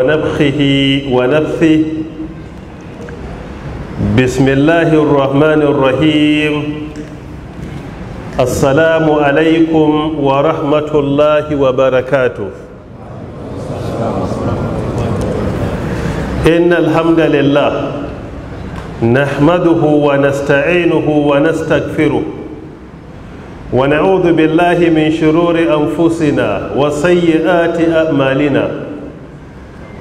ونفخه ونفثه بسم الله الرحمن الرحيم السلام عليكم ورحمة الله وبركاته إن الحمد لله نحمده ونستعينه ونستغفره ونعوذ بالله من شرور أنفسنا وسيئات أعمالنا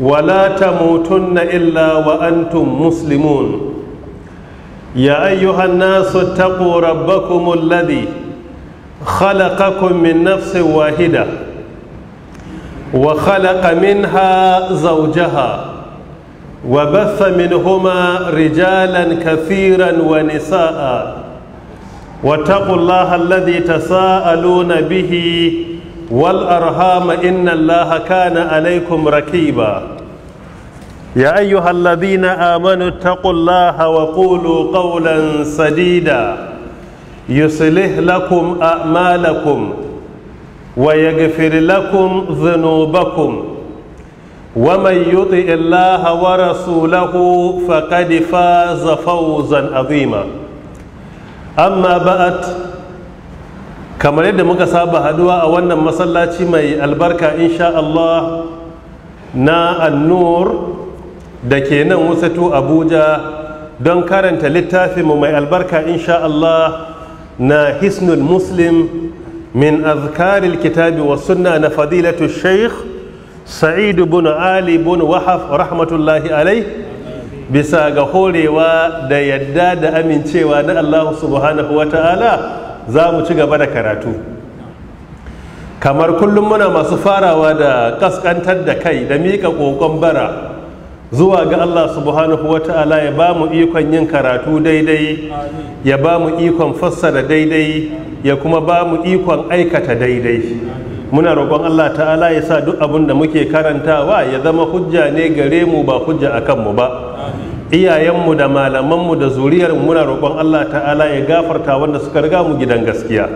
ولا تموتن إلا وأنتم مسلمون يا أيها الناس اتقوا ربكم الذي خلقكم من نفس واحدة وخلق منها زوجها وبث منهما رجالا كثيرا ونساء واتقوا الله الذي تساءلون به والأرهام إن الله كان عليكم ركيباً يا أيها الذين آمنوا اتقوا الله وقولوا قولا سديدا يصلح لكم أعمالكم ويغفر لكم ذنوبكم ومن يطع الله ورسوله فقد فاز فوزا عظيما أما بعد kamar yadda muka saba haduwa a wannan masallaci mai albarka insha Allah na annur da ke nan wusatu abuja don karanta littafinmu mai albarka insha Allah na hisnul muslim min azkaril kitabi wa sunna na fadilatu sheikh sa'idu bin ali bin wahaf rahmatullahi alai bisa ga horewa da yadda da amincewa na Allahu subhanahu wa ta'ala za mu ci gaba da karatu kamar kullum muna masu farawa da kaskantar da kai da miƙa ƙoƙon bara zuwa ga Allah subhanahu wa ta'ala ya ba mu ikon yin karatu daidai ya ba mu ikon fassara daidai ya kuma ba mu ikon aikata daidai muna roƙon Allah ta'ala ya sa duk abin da muke karantawa ya zama hujja ne gare mu ba hujja a kanmu ba iyayenmu da malamanmu da zuriyarmu muna roƙon Allah ta'ala ya gafarta wanda suka riga mu gidan gaskiya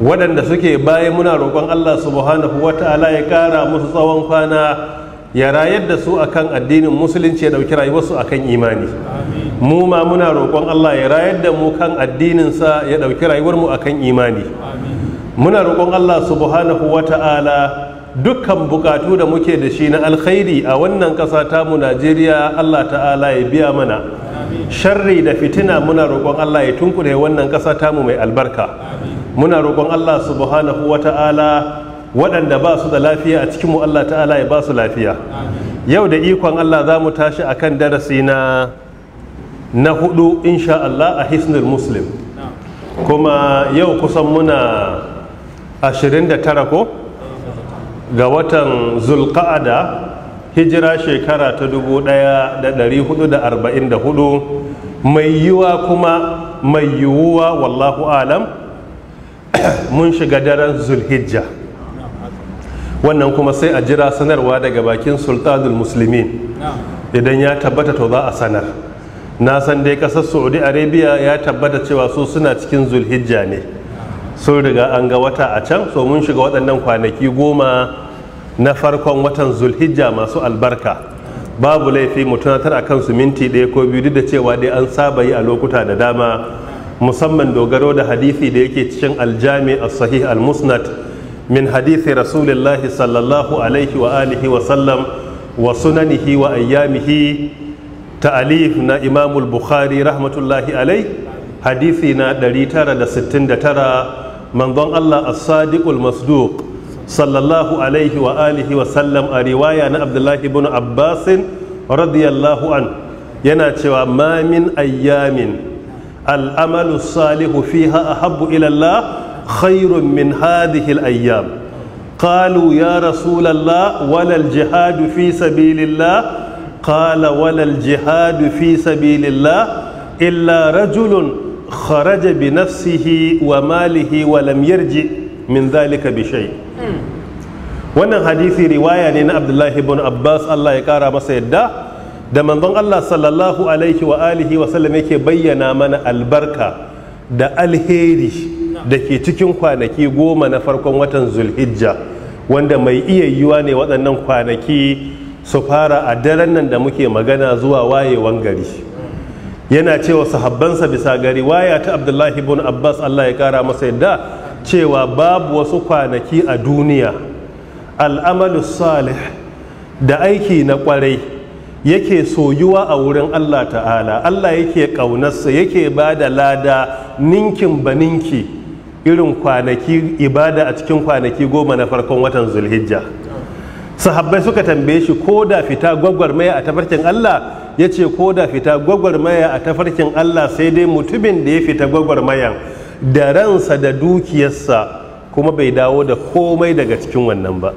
waɗanda suke baya muna roƙon Allah subhanahu wa ta'ala ya ƙara musu tsawon kwana ya rayar da su akan addinin musulunci ya ɗauki rayuwarsu akan imani mu ma muna roƙon Allah ya rayar da mu kan addininsa ya ɗauki rayuwarmu akan imani muna roƙon Allah subhanahu wa ta'ala dukkan bukatu da muke da shi na alkhairi a wannan ƙasa mu Najeriya Allah ta'ala ya biya mana sharri da fitina muna roƙon Allah ya tunkure wannan ƙasa mu mai albarka muna roƙon Allah subhanahu wa ta'ala waɗanda ba su da lafiya a cikinmu Allah ta'ala ya ba su lafiya yau da ikon Allah za mu tashi a kan darasi na na hudu insha Allah a hisnul muslim kuma yau kusan muna 29 ko ga watan zulqa'ada hijira shekara ta 1444 mai yiwa kuma mai yiwuwa wallahu alam mun shiga daren zulhijja wannan kuma sai a jira sanarwa daga bakin sultanul musulmin idan ya tabbata to za a sanar na san dai kasar saudi arabia ya tabbata cewa su suna cikin zulhijja ne sun riga an ga wata a can so mun shiga waɗannan kwanaki goma na farkon watan zulhijja masu albarka babu laifi mu tunatar a kansu minti ɗaya ko biyu duk da cewa dai an saba yi a lokuta da dama musamman dogaro da hadisi da yake cikin aljami as-sahih al-musnad al musnad من حديث رسول الله صلى الله عليه وآله وسلم وسننه وأيامه تأليفنا إمام البخاري رحمة الله عليه حديثنا دريتارا لستين دتارا من ظن الله الصادق المصدوق صلى الله عليه وآله وسلم رواية عن عبد الله بن عباس رضي الله عنه يناتشوا ما من أيام الأمل الصالح فيها أحب إلى الله khairun min hadhihi al-ayyam qalu ya rasulallah walal jihadu fi sabilillah قال ولا الجهاد في سبيل الله إلا رجل خرج بنفسه وماله ولم يرجع من ذلك بشيء wannan hadisi riwaya ne na abdullahi ibn abbas allah ya kara masa yadda da manzon allah sallallahu alaihi wa alihi wa sallam yake bayyana mana albarka da alheri da ke cikin kwanaki goma na farkon watan zulhijja wanda mai iya yiwa ne waɗannan kwanaki su fara a daren nan da muke magana zuwa wayewan gari yana cewa sahabbansa bisa gari waya ta abdullahi ibn abbas allah ya kara masa yadda cewa babu wasu kwanaki a duniya al'amalu salih da aiki na kwarai yake soyuwa a wurin Allah ta'ala Allah yake ƙaunarsa yake ba da lada ninkin ba ninki irin kwanaki ibada a cikin kwanaki goma na farkon watan zulhijja sahabbai suka tambaye shi ko da fita gwagwarmaya a tafarkin Allah ya ce ko da fita gwagwarmaya a tafarkin Allah sai dai mutumin da ya fita gwagwarmayan da ransa da dukiyarsa kuma bai dawo da komai daga cikin wannan ba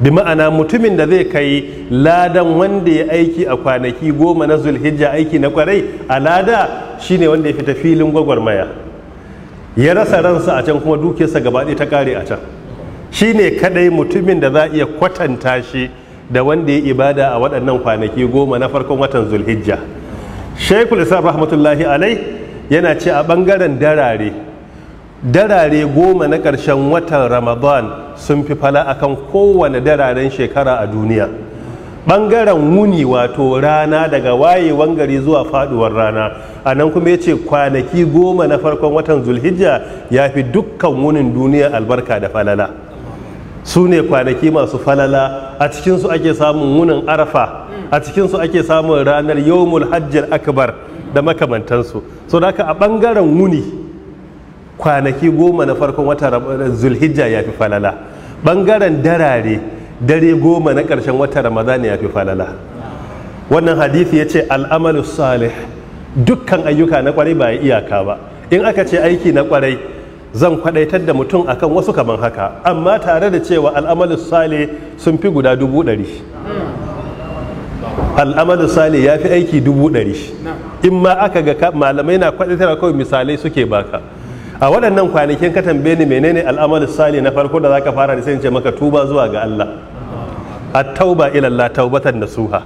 bi ma'ana mutumin da zai kai ladan wanda ya aiki a kwanaki goma na zulhijja aiki na kwarai a lada shine wanda ya fita filin gwagwarmaya ya rasa ransa a can kuma dukiyarsa gaba ɗaya ta kare a can shi ne kadai mutumin da za a iya kwatanta shi da wanda ya ibada a waɗannan kwanaki goma na farkon watan zulhijja shaikul islam rahmatullahi alai yana ce a ɓangaren darare darare goma na ƙarshen watan ramadan sun fi fala akan kowane dararen shekara a duniya ɓangaren wuni wato rana daga wayewan gari zuwa faduwar rana a nan kuma ya ce kwanaki goma na farkon watan zulhijja ya fi dukkan wunin duniya albarka da falala su ne kwanaki masu falala a cikinsu ake samun wunin arafa a cikinsu ake samun ranar yawmul hajjar akbar da makamantansu so da a bangaren wuni kwanaki goma na farkon watan zulhijja ya fi falala ɓangaren darare dare goma na ƙarshen wata Ramadani ya fi falala wannan hadithi ya ce al'amalu salih dukkan ayyuka na kwarai ba iyaka ba in aka ce aiki na kwarai zan kwadaitar da mutum akan wasu kaman haka amma tare da cewa al'amalu salih sun fi guda dubu ɗari al'amalu salih ya fi aiki dubu ɗari in ma aka ga malamai na kwaɗitarwa kawai misalai suke baka a waɗannan kwanakin ka tambaye ni menene al'amal sali na farko da ka fara da sai ce maka tuba zuwa ga Allah at-tauba ila Allah taubatan nasuha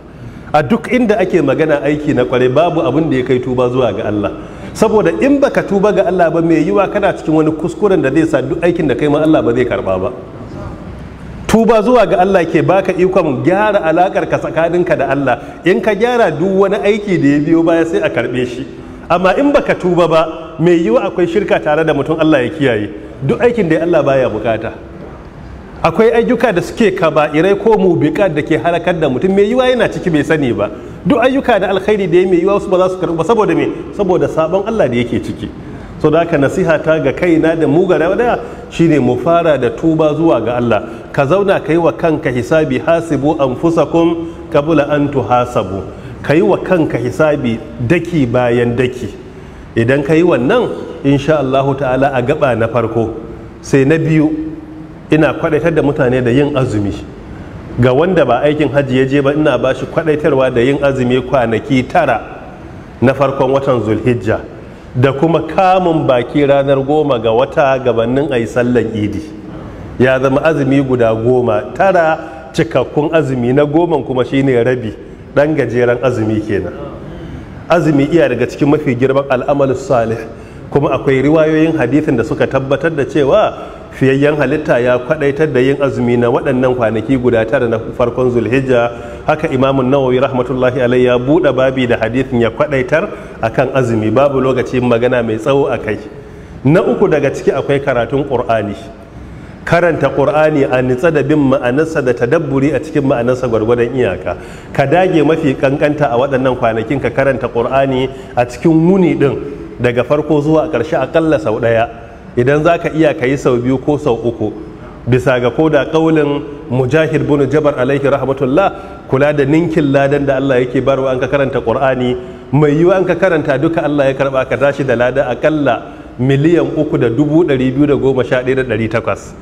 a duk inda ake magana aiki na kware babu abin da ya kai tuba zuwa ga Allah saboda in baka tuba ga Allah ba mai yiwa kana cikin wani kuskuren da zai sa duk aikin da kai ma Allah ba zai karba ba tuba zuwa ga Allah ke baka ikon gyara alakar ka tsakaninka da Allah in ka gyara duk wani aiki da ya biyo baya sai a karbe shi amma in baka tuba ba mai yiwu akwai shirka tare da mutum Allah ya kiyaye duk aikin da Allah baya bukata akwai ayyuka da suke irai ko mubiqat da ke halakar da mutum mai yiwa yana ciki bai sani ba duk ayyuka da alkhairi da ya mai yiwa wasu ba za su karɓa saboda me saboda sabon Allah da yake ciki so da haka nasiha ta ga kaina da mu ga da shine mu fara da tuba zuwa ga Allah ka zauna ka yi wa kanka hisabi hasibu anfusakum qabla an tuhasabu ka yi wa kanka hisabi daki bayan daki idan ka yi wannan insha Allah ta'ala a gaba na farko sai na biyu ina kwadaitar da mutane da yin azumi ga wanda ba aikin hajji ya je ba ina ba shi kwadaitarwa da yin azumi kwanaki tara na farkon watan zulhijja da kuma kamun baki ranar goma ga wata gabanin a yi sallan idi ya zama azumi guda goma tara cikakkun azumi na goma kuma shine rabi dan gajeren azumi kenan azumi iya daga cikin mafi girman al'amal salih kuma akwai riwayoyin hadithin da suka tabbatar da cewa fiyayyen halitta ya kwadaitar da yin azumi na waɗannan kwanaki guda tara na farkon zulhijja haka imamun nawawi rahmatullahi alai ya buɗe babi da hadithin ya kwadaitar akan azumi babu lokacin magana mai tsawo a kai na uku daga ciki akwai karatun ƙur'ani karanta qur'ani a nitsa da bin ma'anarsa da tadabburi a cikin ma'anarsa gwargwadon iyaka ka dage mafi kankanta a waɗannan kwanakin ka karanta qur'ani a cikin wuni ɗin daga farko zuwa ƙarshe aƙalla sau ɗaya idan za ka iya ka yi sau biyu ko sau uku bisa ga koda kaulin mujahid bin jabar alaihi rahmatullah kula da ninkin ladan da Allah yake barwa an ka karanta qur'ani mai yiwa an ka karanta duka Allah ya karɓa ka tashi da lada aƙalla. miliyan uku da dubu ɗari biyu da goma sha ɗaya da ɗari takwas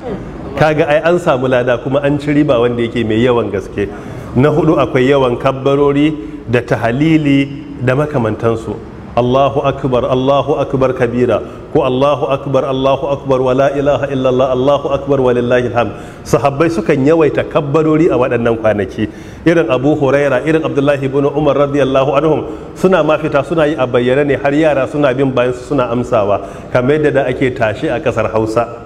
kaga ai an samu lada kuma an ci riba wanda yake mai yawan gaske na hudu akwai yawan kabbarori da tahalili da makamantansu Allahu akbar Allahu akbar kabira ko Allahu akbar Allahu akbar wa ilaha illallah Allahu akbar wa lillahi alham sahabbai sukan yawaita kabbarori a waɗannan kwanaki irin Abu Huraira irin Abdullahi ibn Umar radiyallahu anhu suna mafita suna yi a bayyane ne har yara suna bin bayan suna amsawa kamar yadda da ake tashe a ƙasar Hausa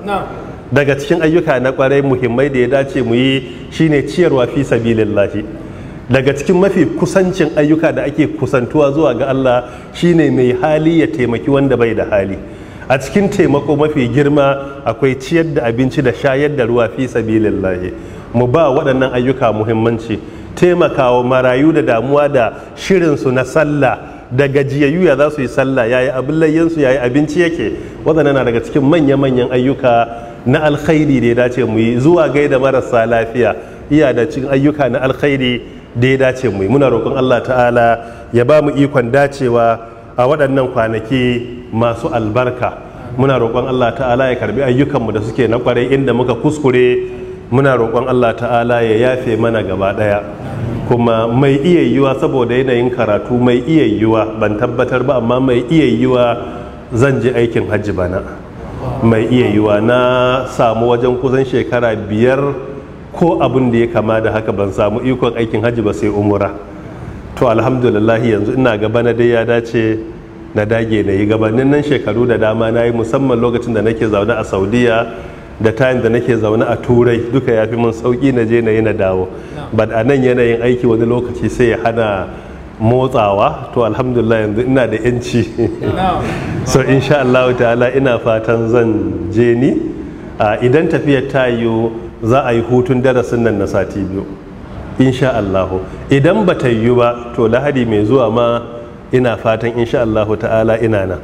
daga cikin ayyuka na kwarai muhimmai da ya dace mu yi shine ciyarwa fi sabilillahi daga cikin mafi kusancin ayyuka da ake kusantuwa zuwa ga Allah shine mai hali ya taimaki wanda bai da hali a cikin taimako mafi girma akwai ciyar da abinci da shayar da ruwa fi sabilillahi mu ba waɗannan ayyuka muhimmanci taimakawa marayu da damuwa da shirinsu na sallah da gajiyayyu ya za su yi sallah yayi abin layyansu yayi abinci yake waɗannan na daga cikin manya-manyan ayyuka na alkhairi da ya dace mu yi zuwa gaida marasa lafiya iya da cikin ayyuka na alkhairi da ya dace mu muna roƙon Allah ta'ala ya ba mu ikon dacewa a waɗannan kwanaki masu albarka muna roƙon Allah ta'ala ya karbi ayyukanmu da suke na ƙwarai inda muka kuskure muna roƙon Allah ta'ala ya yafe mana gaba ɗaya kuma mai iya yiwa saboda yanayin karatu mai iya yiwa ban tabbatar ba amma mai iya yiwa zan je aikin hajji bana mai iya yiwa na samu wajen kusan shekara biyar ko abin da ya kama da haka ban samu ikon aikin hajji ba sai umura to alhamdulillah yanzu ina gaba na dai ya dace na dage na yi gabanin nan shekaru da dama na yi musamman lokacin da nake zaune a saudiya da tayin da nake zaune a turai duka ya fi mun sauki na je na yi na dawo ba a nan yanayin aiki wani lokaci sai ya hana motsawa to alhamdulillah yanzu ina da yanci so insha Allah ta'ala ina fatan zan je ni ah, idan tafiyar ta yiwu za a yi hutun darasin nan na sati biyu insha Allahu idan ba ta yiwu ba to lahadi mai zuwa ma ina fatan insha Allahu ta'ala ina nan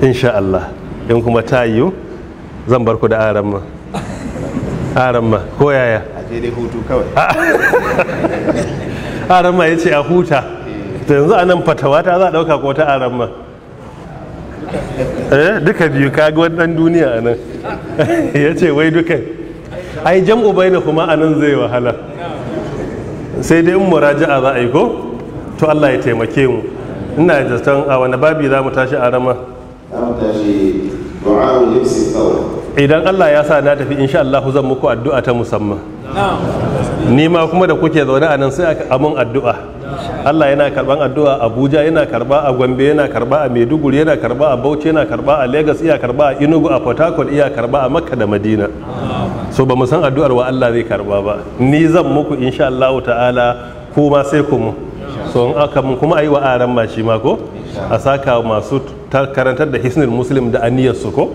insha Allah in kuma ta yiwu zan bar ku da aran ma aran ma ko yaya hutu kawai aran ma yace a huta ta yanzu anan fatawa ta za a dauka ko ta aran ma eh, duka biyu kaga wannan duniya anan yace wai duka ai jam'u baina kuma anan zai wahala sai dai in a za a yi ko to Allah ya taimake mu ina da zaton a wani babi za mu tashi a rama idan Allah ya sa na tafi insha Allah zan muku addu'a ta musamman ni ma kuma da kuke zaune a nan sai a mun addu'a Allah yana karban addu'a Abuja yana karba a Gombe yana karba a Maiduguri yana karba a Bauchi yana karba a Lagos iya karba a Enugu a Port Harcourt iya karba a Makka da Madina so ba mu san addu'ar wa Allah zai karba ba ni zan muku insha Allah ta'ala kuma sai ku mu so in aka mun kuma ayi wa aran ma shi ma ko a saka masu karantar da hisnul muslim da aniyar su ko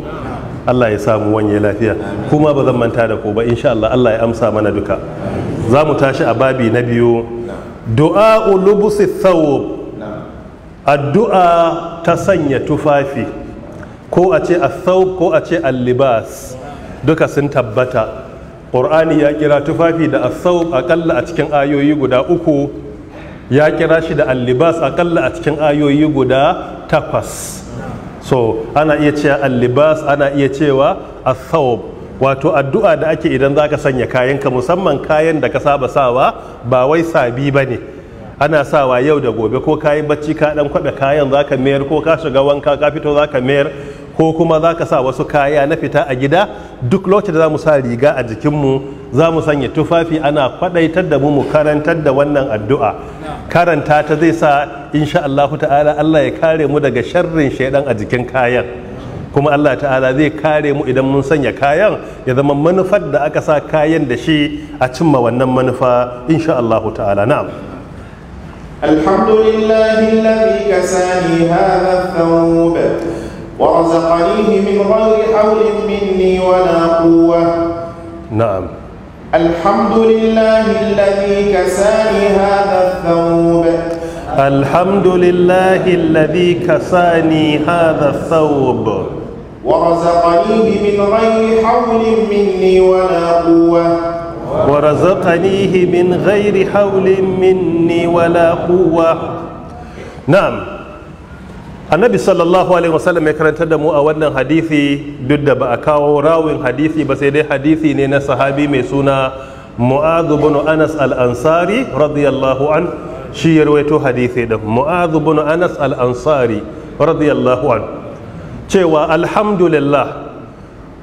Allah ya samu wanye lafiya kuma ba zan manta da ku ba insha Allah Allah ya amsa mana duka za mu tashi a babi na biyu du'a ulubusi tsawo. addu'a ta sanya tufafi ko a ce tsawo ko a ce allibas duka sun tabbata ƙur'ani ya kira tufafi da tsawo akalla a cikin ayoyi guda uku ya kira shi da allibas akalla a cikin ayoyi guda takwas so ana iya cewa allibas ana iya cewa tsawo. wato addu'a da ake idan za ka sanya ka musamman kayan da ka saba sawa ba wai sabi ba ne ana sawa yau da gobe ko kayan bacci ka dan kwaɓe kayan za ka mayar ko ka shiga wanka ka fito za ka mayar ko kuma za ka sa wasu kaya na fita a gida duk lokacin da za mu sa riga a jikinmu za mu sanya tufafi ana kwaɗaitar da mu mu karantar da wannan addu'a karanta ta zai sa insha Allah ta'ala Allah ya kare mu daga sharrin shaidan a jikin kayan kuma Allah ta'ala zai kare mu idan mun sanya kayan ya zama manufar da aka sa kayan da shi a cimma wannan manufa insha Allah ta'ala na'am الحمد لله الذي كساني هذا الثوب ورزقنيه من غير حول مني ولا قوة نعم الحمد لله الذي كساني هذا الثوب الحمد لله الذي كساني هذا الثوب ورزقنيه من غير حول مني ولا قوة ورزقنيه من غير حول مني ولا قوة نعم annabi sallallahu alaihi wasallam ya karantar da mu a wannan hadithi. duk da ba a kawo rawin hadithi ba sai dai hadithi ne na sahabi mai suna mu'adhu bin anas al-ansari radiyallahu an shi ya rawaito hadisi din mu'adhu bin anas al-ansari radiyallahu an cewa alhamdulillah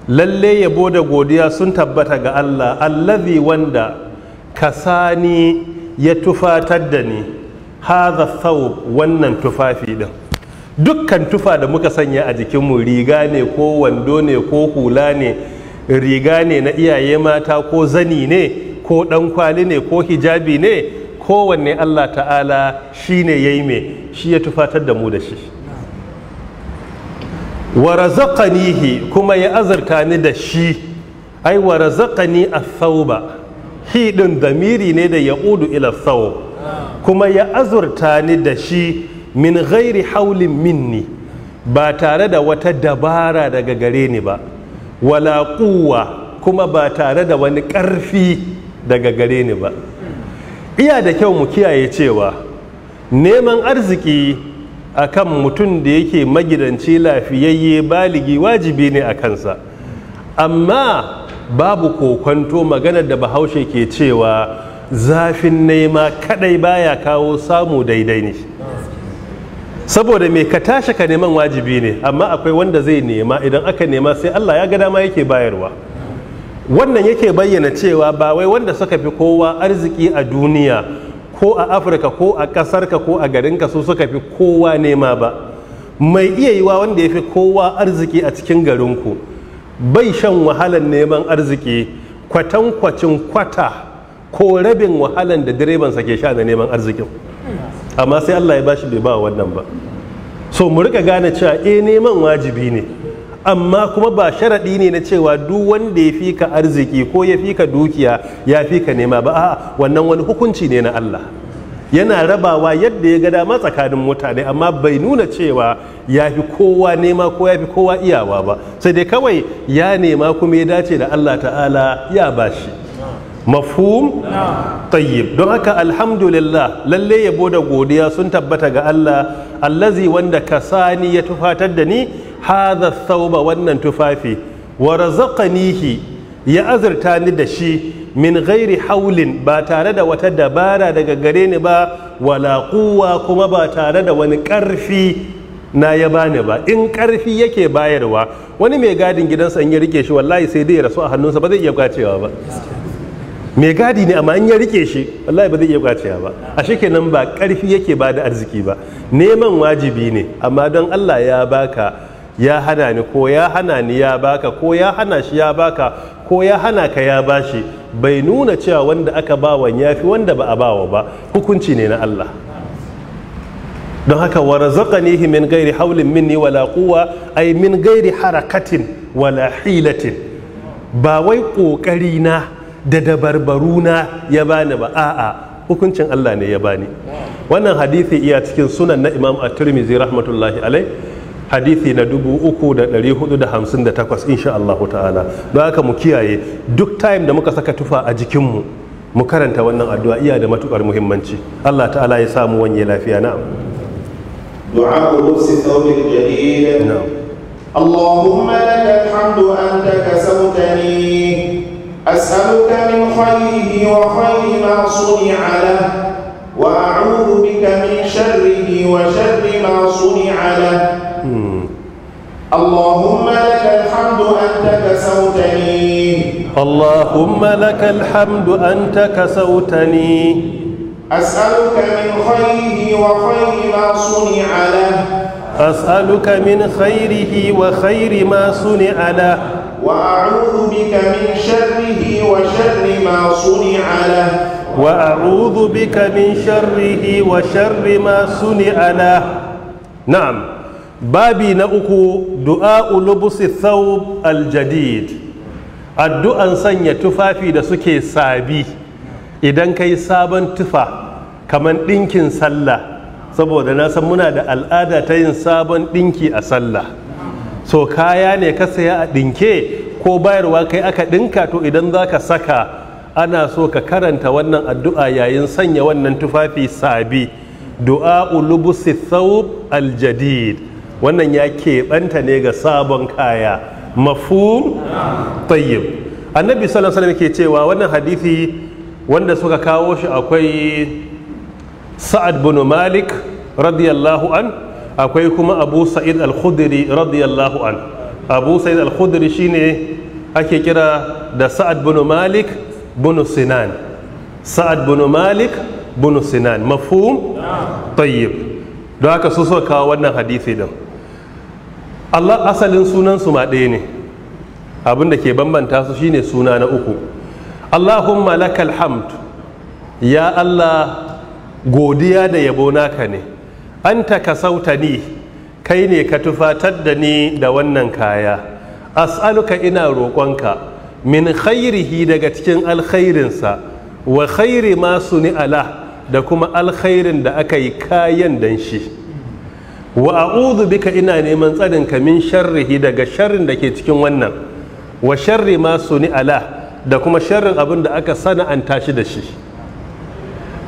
lalle yabo da godiya sun tabbata ga Allah allazi wanda kasani ya tufatar da ni haza thawb wannan tufafi din dukkan tufa da muka sanya a jikinmu riga ne ko wando ne ko hula ne riga ne na iyaye mata ko zani ne ko ɗan ne ko hijabi ne kowanne Allah ta'ala shi ne ya yi mai shi ya tufatar da mu da shi wa razaqanihi kuma ya azurta ni da shi ai wa razaqani athauba hi din damiri ne da yaudu ila thawb kuma ya azurta ni da shi min ghairi haulin minni ba tare da wata dabara daga gare ni ba wala quwwa kuma ba tare da wani ƙarfi daga gare ni ba iya da kyau mu kiyaye cewa neman arziki akan mutum da yake magidanci lafiyayye baligi wajibi ne a kansa amma babu kokwanto maganar da bahaushe ke cewa zafin nema kadai baya kawo samu daidai ne saboda mai ka tashi ka neman wajibi ne amma akwai wanda zai nema idan aka nema sai allah ya ga dama yake bayarwa wannan yake bayyana cewa ba wai wanda suka fi kowa arziki a duniya ko a afirka ko a ƙasarka ko a garinka su suka fi kowa nema ba mai iya yiwa wanda ya fi kowa arziki a cikin garinku bai shan wahalan neman arziki kwatankwacin kwata ko rabin wahalan da direbansa ke sha da neman arzikin amma sai allah ya bashi bai ba wannan ba so mu rika gane cewa e neman wajibi ne amma kuma ba sharaɗi ne na cewa duk wanda ya fi ka arziki ko ya fi ka dukiya ya fi ka nema ba a'a wannan wani hukunci ne na Allah yana rabawa yadda ya ga dama tsakanin mutane amma bai nuna cewa ya fi kowa nema ko ya fi kowa iyawa ba sai dai kawai ya nema kuma ya dace da Allah ta'ala ya bashi mafhum tayyib don haka alhamdulillah lalle yabo da godiya sun tabbata ga Allah allazi wanda kasani ya tufatar da ni hadha thawba wannan tufafi wa razaqanihi ya azurta ni da shi min gairi haulin ba tare da wata dabara daga gare ni ba wala quwwa kuma ba tare da wani karfi na ya bani ba in karfi yake bayarwa wani mai gadin gidansa in ya rike shi wallahi sai dai ya rasu a hannunsa ba zai iya kwacewa ba mai gadi ne amma in ya rike shi wallahi ba zai iya kwacewa ba a shikenan ba karfi yake ba da arziki ba neman wajibi ne amma don allah ya baka ya hana ni ko ya hana ni ya baka ko ya hana shi ya baka ko ya hana ka ya bashi bai nuna cewa wanda aka bawan ya fi wanda ba a bawa ba hukunci ne na Allah don haka wa razaqanihi min gairi haulin minni wala quwwa ay min gairi harakatin wala hilatin ba wai kokari na da dabarbaru na ya bani ba a'a hukuncin Allah ne ya bani wannan hadisi iya cikin sunan na Imam At-Tirmidhi rahmatullahi alai hadithi na dubu uku da da da dari hudu hamsin takwas insha Allah ta'ala don haka mu kiyaye duk time da muka saka tufa a jikinmu mu karanta wannan addu'a iya da matukar muhimmanci Allah ta'ala ya samu wanye lafiya na'am du'a ulusi thawbil jadid na'am اللهم لك الحمد أنت كسوتني أسألك من خيره وخير ما صنع له وأعوذ بك من شره وشر ما صنع له اللهم لك الحمد أنت كسوتني اللهم لك الحمد أنت كسوتني أسألك من خيره وخير ما صنع له أسألك من خيره وخير ما صنع له وأعوذ بك من شره وشر ما صنع له وأعوذ بك من شره وشر ما صنع له نعم babi na uku du'a ulubusi thawb aljadid addu'an sanya tufafi da suke sabi idan kai sabon tufa kamar ɗinkin sallah saboda na san muna da al'ada ta yin sabon ɗinki a sallah so kaya ne ka saya a ɗinke ko bayarwa kai aka ɗinka to idan za ka saka ana so ka karanta wannan addu'a yayin sanya wannan tufafi sabi du'a ulubusi thawb aljadid wannan ya keɓanta ne ga sabon kaya mafhum tayyib annabi sallallahu alaihi ke cewa wannan hadithi wanda suka kawo shi akwai sa'ad bin malik radiyallahu an akwai kuma abu sa'id al-khudri radiyallahu an abu sa'id al-khudri shine ake kira da sa'ad bin malik bin sinan sa'ad bin malik bin sinan mafhum tayyib don haka su suka kawo wannan hadithi din Allah asalin sunansu su ma ɗaya ne abin da ke bambanta su shine suna na uku Allahumma lakal hamd ya Allah godiya da yabo naka ne anta ka sauta ni kai ne ka tufatar da ni da wannan kaya as'aluka ina roƙonka min khairihi daga cikin alkhairinsa wa khairi masu ni'ala da kuma alkhairin da aka yi kayan danshi shi wa a'udhu bika ina neman tsarin ka min sharrihi daga sharrin da ke cikin wannan wa sharri ma su ni ala da kuma sharrin abin da aka sana an tashi da shi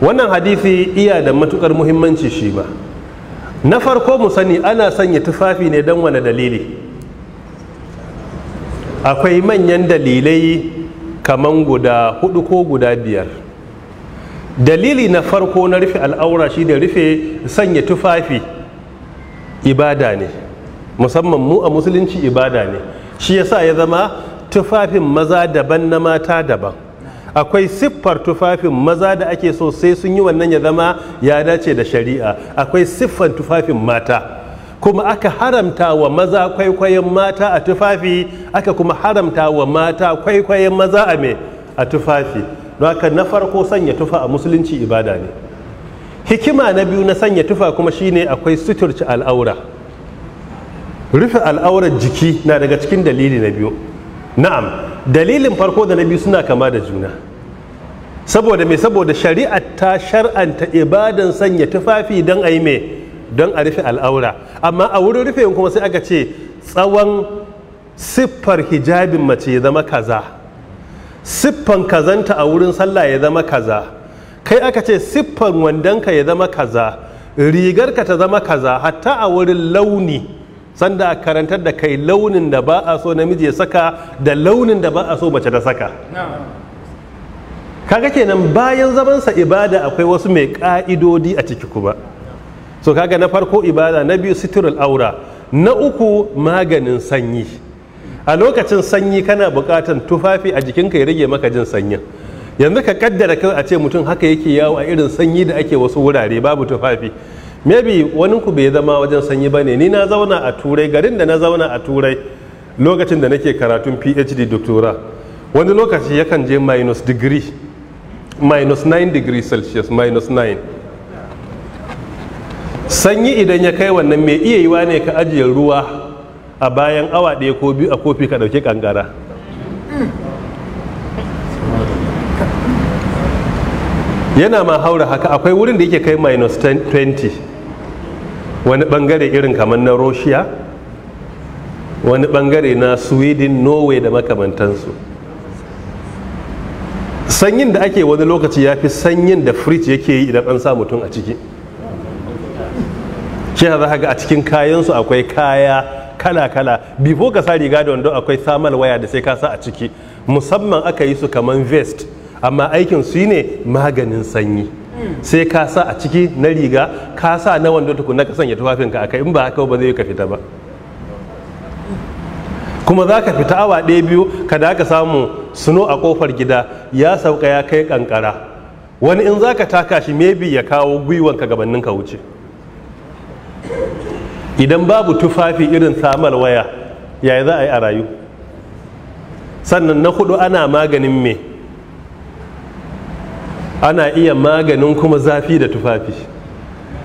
wannan hadisi iya da matukar muhimmanci shi ba na farko mu sani ana sanya tufafi ne don wani dalili akwai manyan dalilai kaman guda hudu ko guda biyar dalili na farko na rufe al'aura shi da rufe sanya tufafi ibada ne musamman mu a musulunci ibada ne shi yasa ya zama tufafin maza daban na mata daban akwai siffar tufafin maza da ake so sai sun yi wannan ya zama ya dace da shari'a akwai siffar tufafin mata kuma aka haramta wa maza kwaikwayon mata a tufafi aka kuma haramta wa mata kwaikwayon maza a me a tufafi don haka na farko sanya tufa a musulunci ibada ne hikima na biyu na sanya tufa kuma shine akwai suturci al'aura rufe al'aurar jiki na daga cikin dalili na biyu na'am dalilin farko da na biyu suna kama da juna saboda mai saboda shari'ar ta shar'anta ibadan sanya tufafi don a yi mai don a rufe al'aura amma a wurin rufe kuma sai aka ce tsawon siffar hijabin mace ya zama kaza siffan kazanta a wurin sallah ya zama kaza kai aka ce siffan wandonka ya zama kaza rigarka ta zama kaza hatta a wurin launi sanda a karantar da kai launin da ba a so namiji ya saka da launin da ba a so mace ta saka kaga kenan bayan zamansa ibada akwai wasu mai ka'idodi a ciki kuma so kaga na farko ibada na biyu sitirul aura na uku maganin sanyi a lokacin sanyi kana bukatan tufafi a jikinka ya rage maka jin sanyin yanzu ka kaddara kan a ce mutum haka yake yawo a irin sanyi da ake wasu wurare babu tufafi maybe wani ku bai zama wajen sanyi bane ni na zauna a turai garin da na zauna a turai lokacin da nake karatun phd doctora wani lokaci yakan je minus degree minus 9 degree celsius minus 9 sanyi idan ya kai wannan mai iya yiwa ne ka ajiye ruwa a bayan awa ɗaya ko biyu a kofi ka ɗauki ƙanƙara yana ma haura haka akwai wurin da yake kai minus 20 wani bangare irin kamar na russia wani bangare na sweden norway da makamantansu sanyin da ake wani lokaci ya fi sanyin da fridge yake yi idan an sa mutum a ciki shi za ga a cikin kayansu akwai kaya kala-kala bifo ka sa riga da wando akwai samal waya da sai ka sa a ciki musamman aka yi su kamar vest amma aikin su ne maganin sanyi sai ka sa a ciki na riga ka sa na wanda tukun na ka sanya tufafinka ka in ba haka ba zai ka fita ba kuma za ka fita awa ɗaya biyu ka da ka samu suno a kofar gida ya sauka ya kai kankara wani in za ka taka shi maybe ya kawo ka gabanin ka wuce idan babu tufafi irin samar waya yaya za a yi a rayu sannan na hudu ana maganin me ana iya maganin kuma zafi da tufafi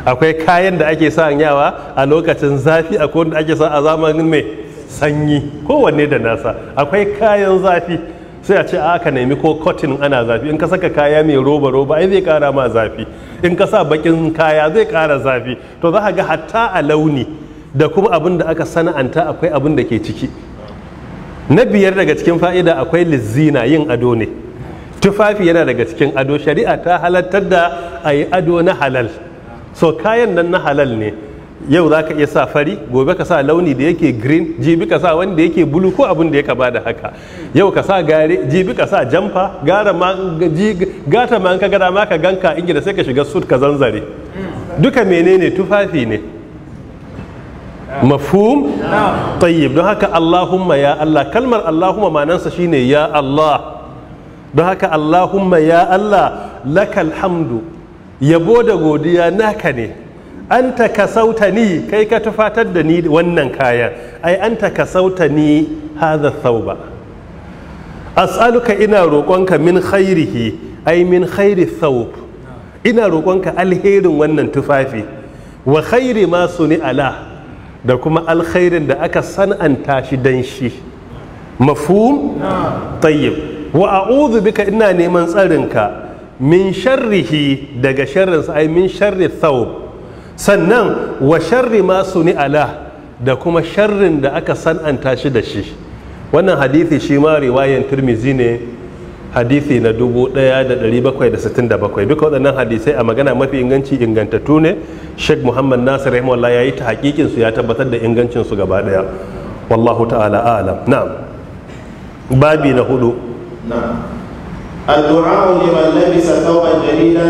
akwai kayan da ake sanyawa a lokacin zafi akwai wanda ake sa a zamanin mai sanyi kowanne da nasa akwai kayan zafi sai a ce a aka nemi ko cotton ana zafi in ka saka kaya mai roba roba ai zai kara ma zafi in ka sa bakin kaya zai kara zafi to za ga hatta a launi da kuma abin da aka sana'anta akwai abin da ke ciki na biyar daga cikin fa'ida akwai lizzina yin ado ne tufafi yana daga cikin ado shari'a ta halattar da a yi ado na halal so kayan nan na halal ne yau za ka iya sa fari gobe ka sa launi da yake green jibi ka sa wanda yake bulu ko abin da ya kaba da haka yau ka sa gare jibi ka sa jamfa gara ma gata ma ka gara ma ka ganka ingila sai ka shiga suit ka zanzare duka menene tufafi ne mafhum tayyib don haka allahumma ya allah kalmar allahumma manansa shine ya allah don haka Allahumma ya Allah lakal hamdu yabo da godiya naka ne an ta kasauta ni kai ka tufatar da ni wannan kayan ai an ta kasauta ni haza sauba as'aluka ina roƙonka min khairihi ai min khairi thawb ina roƙonka alherin wannan tufafi wa khairi ma ni ala da kuma alkhairin da aka san an tashi dan shi mafhum tayyib wa a'udhu bika ina neman tsarinka min sharrihi daga sharrinsa ai min sharri thawb sannan wa sharri ma suni ala da kuma sharrin da aka san an tashi da shi wannan hadithi shi ma riwayan turmizi ne hadithi na 1767 duka waɗannan hadisai a magana mafi inganci ingantattu ne sheikh muhammad nasir rahimahullah ya yi ta hakikin su ya tabbatar da ingancinsu su gaba ɗaya wallahu ta'ala a'lam na'am babi na hudu نعم الدعاء لمن لبس ثوبا جديدا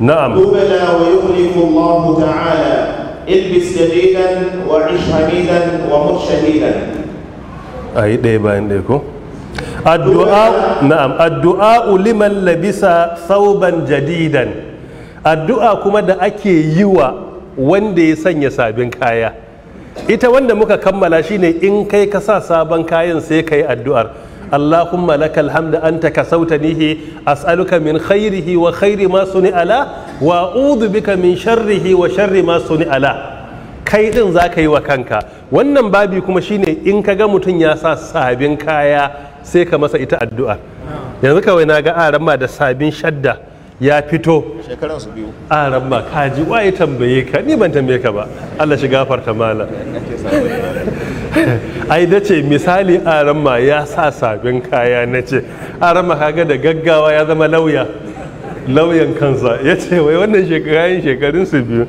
نعم قبل ويخلف الله تعالى البس جديدا وعش حميدا ومت شهيدا أي دي باين ديكو الدعاء نعم الدعاء لمن لبس ثوبا جديدا الدعاء كما دا اكي يوا wanda ya sanya sabin kaya ita wanda muka kammala shine in kai ka sa sabon kayan sai ka yi addu'ar اللهم لك الحمد أنت كسوتنيه أسألك من خيره وخير ما صنع له وأعوذ بك من شره وشر ما صنع له kai din za ka yi wa kanka wannan babi kuma shine in ka ga mutum ya sa sabin kaya sai ka masa ita addu'a yanzu kawai na ga aran ma da sabin shadda ya fito shekaran su biyu a ramma kaji waye tambaye ka ni ban tambaye ka ba Allah shi gafarta mala ai da ce misali a ramma ya sa sabin kaya na ce a ramma kaga da gaggawa ya zama lauya lauyan kansa ya ce wai wannan shekarun shekarun su biyu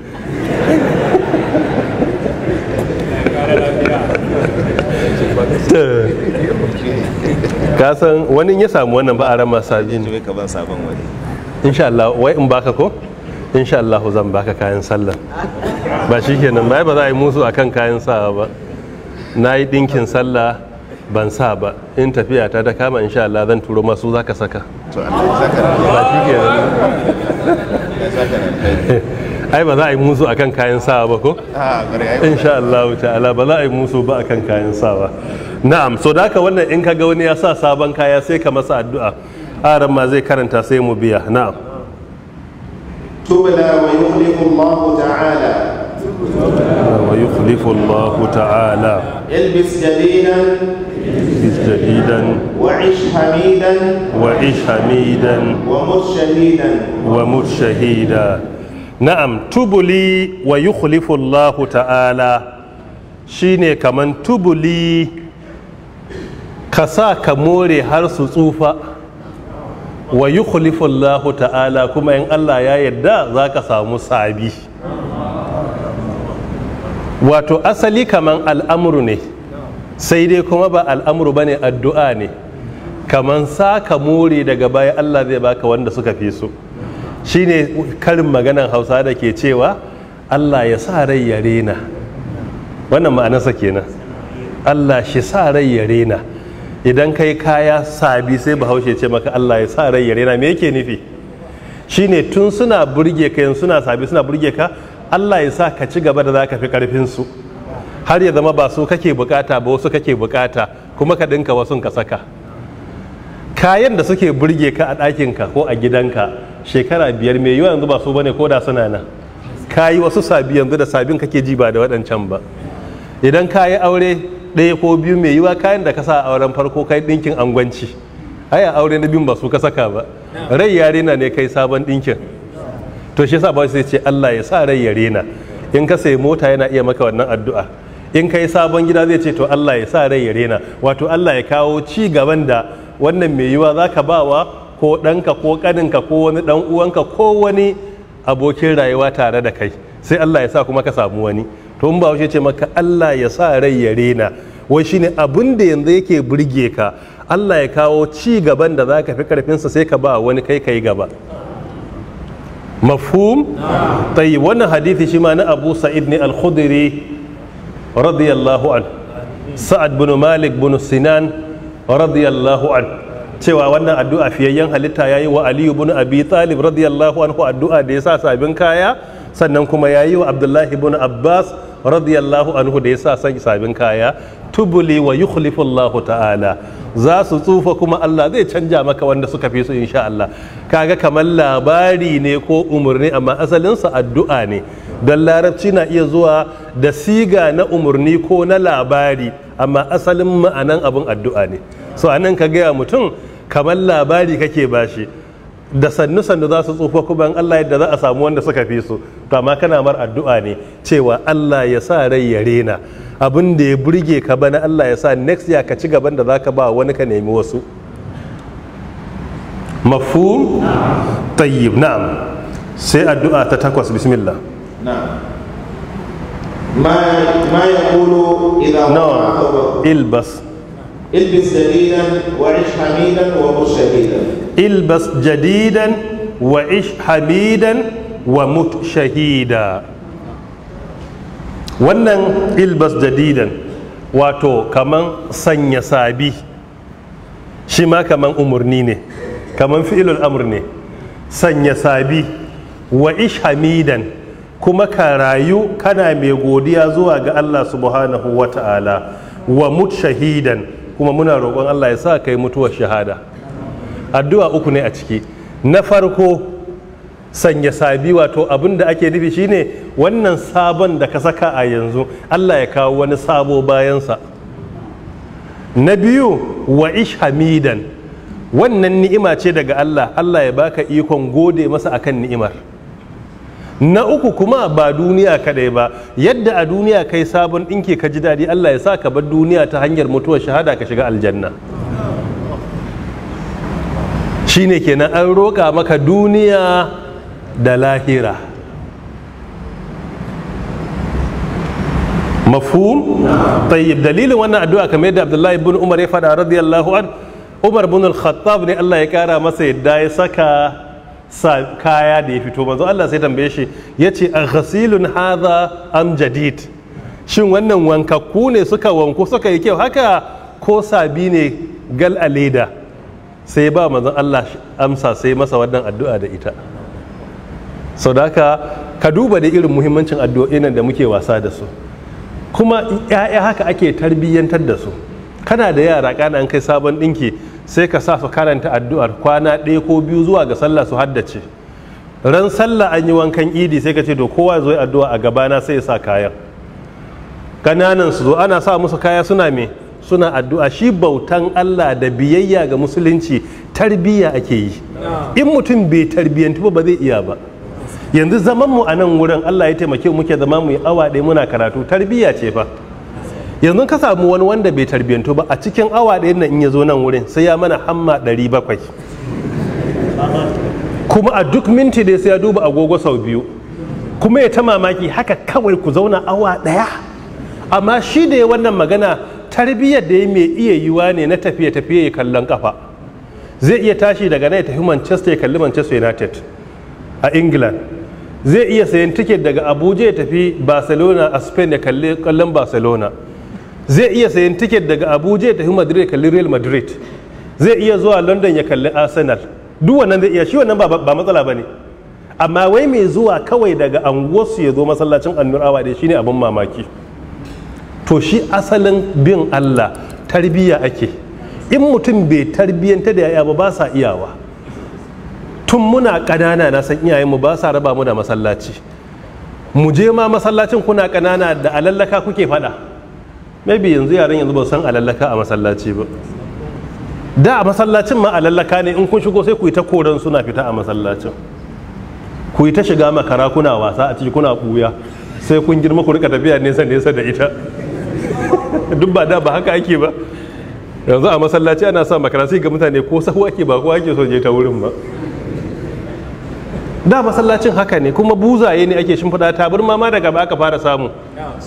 kasan wani ya samu wannan ba a rama sabi ne ka ban sabon wani insha Allah wai in baka ko insha Allah zan baka kayan sallah ba shi kenan ba ba za a yi musu akan kayan sawa ba na yi ɗinkin sallah ban sa ba in tafiya ta ta kama insha Allah zan turo masu za ka saka ba shi kenan ai ba za a yi musu akan kayan sawa ba ko insha Allah ta'ala ba za a yi musu ba akan kayan sawa na'am so da haka wannan in ka ga wani ya sa sabon kaya sai ka masa addu'a aran ma zai karanta sai mu biya na'am tubla wa yuhliku Allah ta'ala wa yukhlifu Allah ta'ala ilbis jadidan البس جديدا وعش حميدا وعش حميدا ومت شهيدا na'am شهيدا wa تبلي Allah ta'ala shine kaman tubuli ka sa ka more har su tsufa wa yukhlifu Allah ta'ala kuma in Allah ya yadda za ka samu sabi wato asali kaman al'amuru ne sai dai kuma ba al'amuru ne addu'a ne kaman saka more daga baya Allah zai baka wanda suka fi so ne karin maganan Hausa da ke cewa Allah ya sa rai ya rena wannan ma'anarsa kenan Allah shi sa rai ya rena idan kai kaya sabi sai bahaushe ce maka Allah ya sa rai ya na me yake nufi shine tun suna burge ka yanzu suna sabi suna burge ka Allah ya sa ka ci gaba da za ka fi karfin su har ya zama ba su kake bukata ba wasu kake bukata kuma ka dinka wasu ka saka kayan da suke burge ka a ɗakinka ko a gidanka shekara biyar mai yiwa yanzu ba su bane ko da suna nan kayi wasu sabi yanzu da sabin kake ji ba da waɗancan ba idan kayi aure ɗaya ko biyu mai yiwa kayan da ka sa a auren farko kai ɗinkin angwanci Aya aure na biyun ba su ka saka ba rai ya rena ne kai sabon ɗinkin to shi sa ba sai ce Allah ya sa rai ya rena in ka sai mota yana iya maka wannan addu'a in kai sabon gida zai ce to Allah ya sa rai ya rena wato Allah ya kawo ci gaban da wannan mai yiwa zaka bawa ko ɗanka ko ƙaninka ko wani ɗan uwanka ko wani abokin rayuwa tare da kai sai Allah ya sa kuma ka samu wani to in ba ya ce maka Allah ya sa rai ya rena wai shine abin da yanzu yake burge ka Allah ya kawo ci gaban da ka fi karfinsa sai ka ba wani kai kai gaba mafhum tayi wannan hadithi shi ma na Abu Sa'id ne al-Khudri radiyallahu an Sa'ad bin Malik bin Sinan radiyallahu an cewa wannan addu'a fiyayyen halitta ya yi wa aliyu bin abi talib radiyallahu anhu addu'a da ya sa sabin kaya sannan kuma ya yi wa abdullahi bin abbas radiyallahu anhu da ya sa san sabin kaya tubuli wa yukhlifullahu ta'ala za su tsufa kuma Allah zai canja maka wanda suka fi su insha Allah kaga kamar labari ne ko umurni amma sa addu'a ne dan larabci na iya zuwa da siga na umurni ko na labari amma asalin ma'anan abun addu'a ne so anan ka gaya mutum kamar labari kake bashi da sannu sannu za su tsufa kuma in Allah yadda za a samu wanda suka fi su to amma kana mar addu'a ne cewa Allah ya sa rai ya rena abin da ya burge ka bana Allah ya sa next ya ka ci gaban da zaka ba wani ka nemi wasu mafu tayyib na'am sai addu'a ta takwas bismillah na'am ما يقول wa no. Ilbas. البس دليلا وعش Hamidan, wa شهيدا ilbas jadidan wa ish wa mut shahida wannan ilbas jadidan wato kaman sanya sabi shi ma kaman umarni ne kaman fi'ilul amr ne sanya sabi wa ish hamidan kuma ka rayu kana mai godiya zuwa ga Allah subhanahu wa ta'ala wa mut shahidan kuma muna roƙon Allah ya sa kai mutuwar shahada addu'a uku ne a ciki na farko sanya sabi wato abin da ake nufi shine wannan sabon da ka saka a yanzu Allah ya kawo wani sabo bayansa na biyu wa ish hamidan wannan ni'ima ce daga Allah Allah ya baka ikon gode masa akan ni'imar na uku kuma ba duniya kaɗai ba yadda a duniya kai sabon ɗinki ka ji daɗi Allah ya sa ka bar duniya ta hanyar mutuwar shahada ka shiga aljanna Shi shine kenan an roƙa maka duniya da lahira mafhum tayyib dalilin wannan addu'a kamar yadda abdullahi ibn umar ya fada radiyallahu an umar ibn al-khattab ne Allah ya kara masa yadda ya saka sa kaya da ya fito manzo Allah sai tambaye shi yace a ghasilun hadha am jadid shin wannan wankakku ne suka wanku suka yi kyau haka ko sabi ne gal a leda sai ba manzon Allah amsa sai masa wannan addu'a da ita sau da haka ka duba da irin muhimmancin addu'o'in da muke wasa da su kuma 'ya'ya haka ake tarbiyyantar da su kana da yara ƙana an kai sabon ɗinki sai ka sa su karanta addu'ar kwana ɗaya ko biyu zuwa ga sallah su haddace ran sallah an yi wankan idi sai ka ce to kowa zo addu'a a gabana sai ya sa kayan ƙananan su zo ana sa musu kaya suna me suna addu'a shi bautan Allah da biyayya ga musulunci tarbiyya ake yi in mutum bai tarbiyyantu ba ba zai iya ba yanzu zaman mu a nan wurin Allah ya taimake muke zama mu yi awa ɗaya muna karatu tarbiyya ce ba. yanzu ka samu wani wanda bai tarbiyyantu ba a cikin awa ɗaya nan in ya zo nan wurin sai ya mana hamma ɗari bakwai kuma a duk minti dai sai ya duba agogo sau biyu kuma ya ta mamaki haka kawai ku zauna awa ɗaya amma shi da ya wannan magana tarbiyyar da ya mai iya yiwa ne na tafiye-tafiye ya kallon kafa zai iya tashi daga nan ya tafi manchester ya kalli manchester united a england zai iya sayan tiket daga abuja ya tafi barcelona a spain ya kalli kallon barcelona zai iya sayan tiket daga abuja ya tafi madrid ya kalli real madrid zai iya zuwa london ya kalli arsenal duk wannan zai iya shi wannan ba matsala ba ne amma wai mai zuwa kawai daga anguwarsu ya zo masallacin annurawa da shine abin mamaki to shi asalin bin Allah tarbiyya ake in mutum bai tarbiyyanta da yaya ba ba sa iyawa tun muna ƙanana na san iyayenmu ba sa raba mu da masallaci mu je ma masallacin kuna ƙanana da alallaka kuke faɗa maybe yanzu yaran yanzu ba san alallaka a masallaci ba da a masallacin ma alallaka ne in kun shigo sai ku yi ta koran suna fita a masallacin ku yi ta shiga makara kuna wasa a ciki kuna ɓuya sai kun girma ku rika tafiya nesa nesa da ita duk ba da ba haka ake ba yanzu a masallaci ana sa makarasi ga mutane ko sahu ake ba ko ake so je ta wurin ba da masallacin haka ne kuma buzaye ne ake shimfiɗa tabir ma daga ba aka fara samu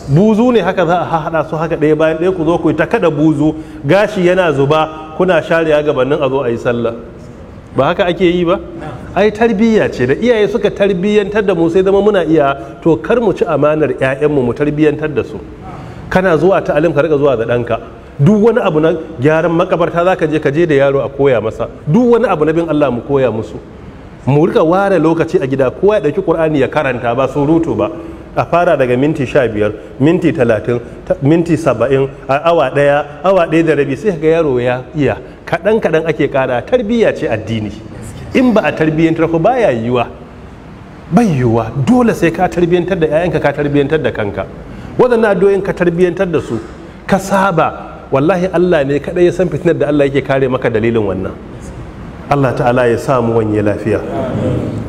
buzu ne haka za a haɗa su haka ɗaya bayan ɗaya ku zo ku ta kada buzu gashi yana zuba kuna share gabanin a zo a yi sallah ba haka ake yi ba ai tarbiyya ce da iyaye suka tarbiyyantar da mu sai zama muna iya to kar mu ci amanar 'ya'yanmu mu tarbiyyantar da su kana zuwa ta ka riga zuwa da ɗanka duk wani abu na gyaran makabarta za ka je ka je da yaro a koya masa duk wani abu na bin Allah mu koya musu mu rika ware lokaci a gida kowa ya ɗauki ƙur'ani ya karanta ba surutu ba a fara daga minti sha biyar minti talatin minti saba'in a awa ɗaya awa ɗaya da rabi sai ga yaro ya iya kaɗan kaɗan ake ƙara tarbiyya ce addini in ba a tarbiyyantar ko baya yiwa bai yiwa dole sai ka tarbiyyantar da 'ya'yanka ka tarbiyyantar da kanka waɗannan addu'o'in ka tarbiyyantar da su ka saba wallahi Allah ne kaɗai ya san fitinar da Allah yake kare maka dalilin wannan Allah ta'ala ya samu wani lafiya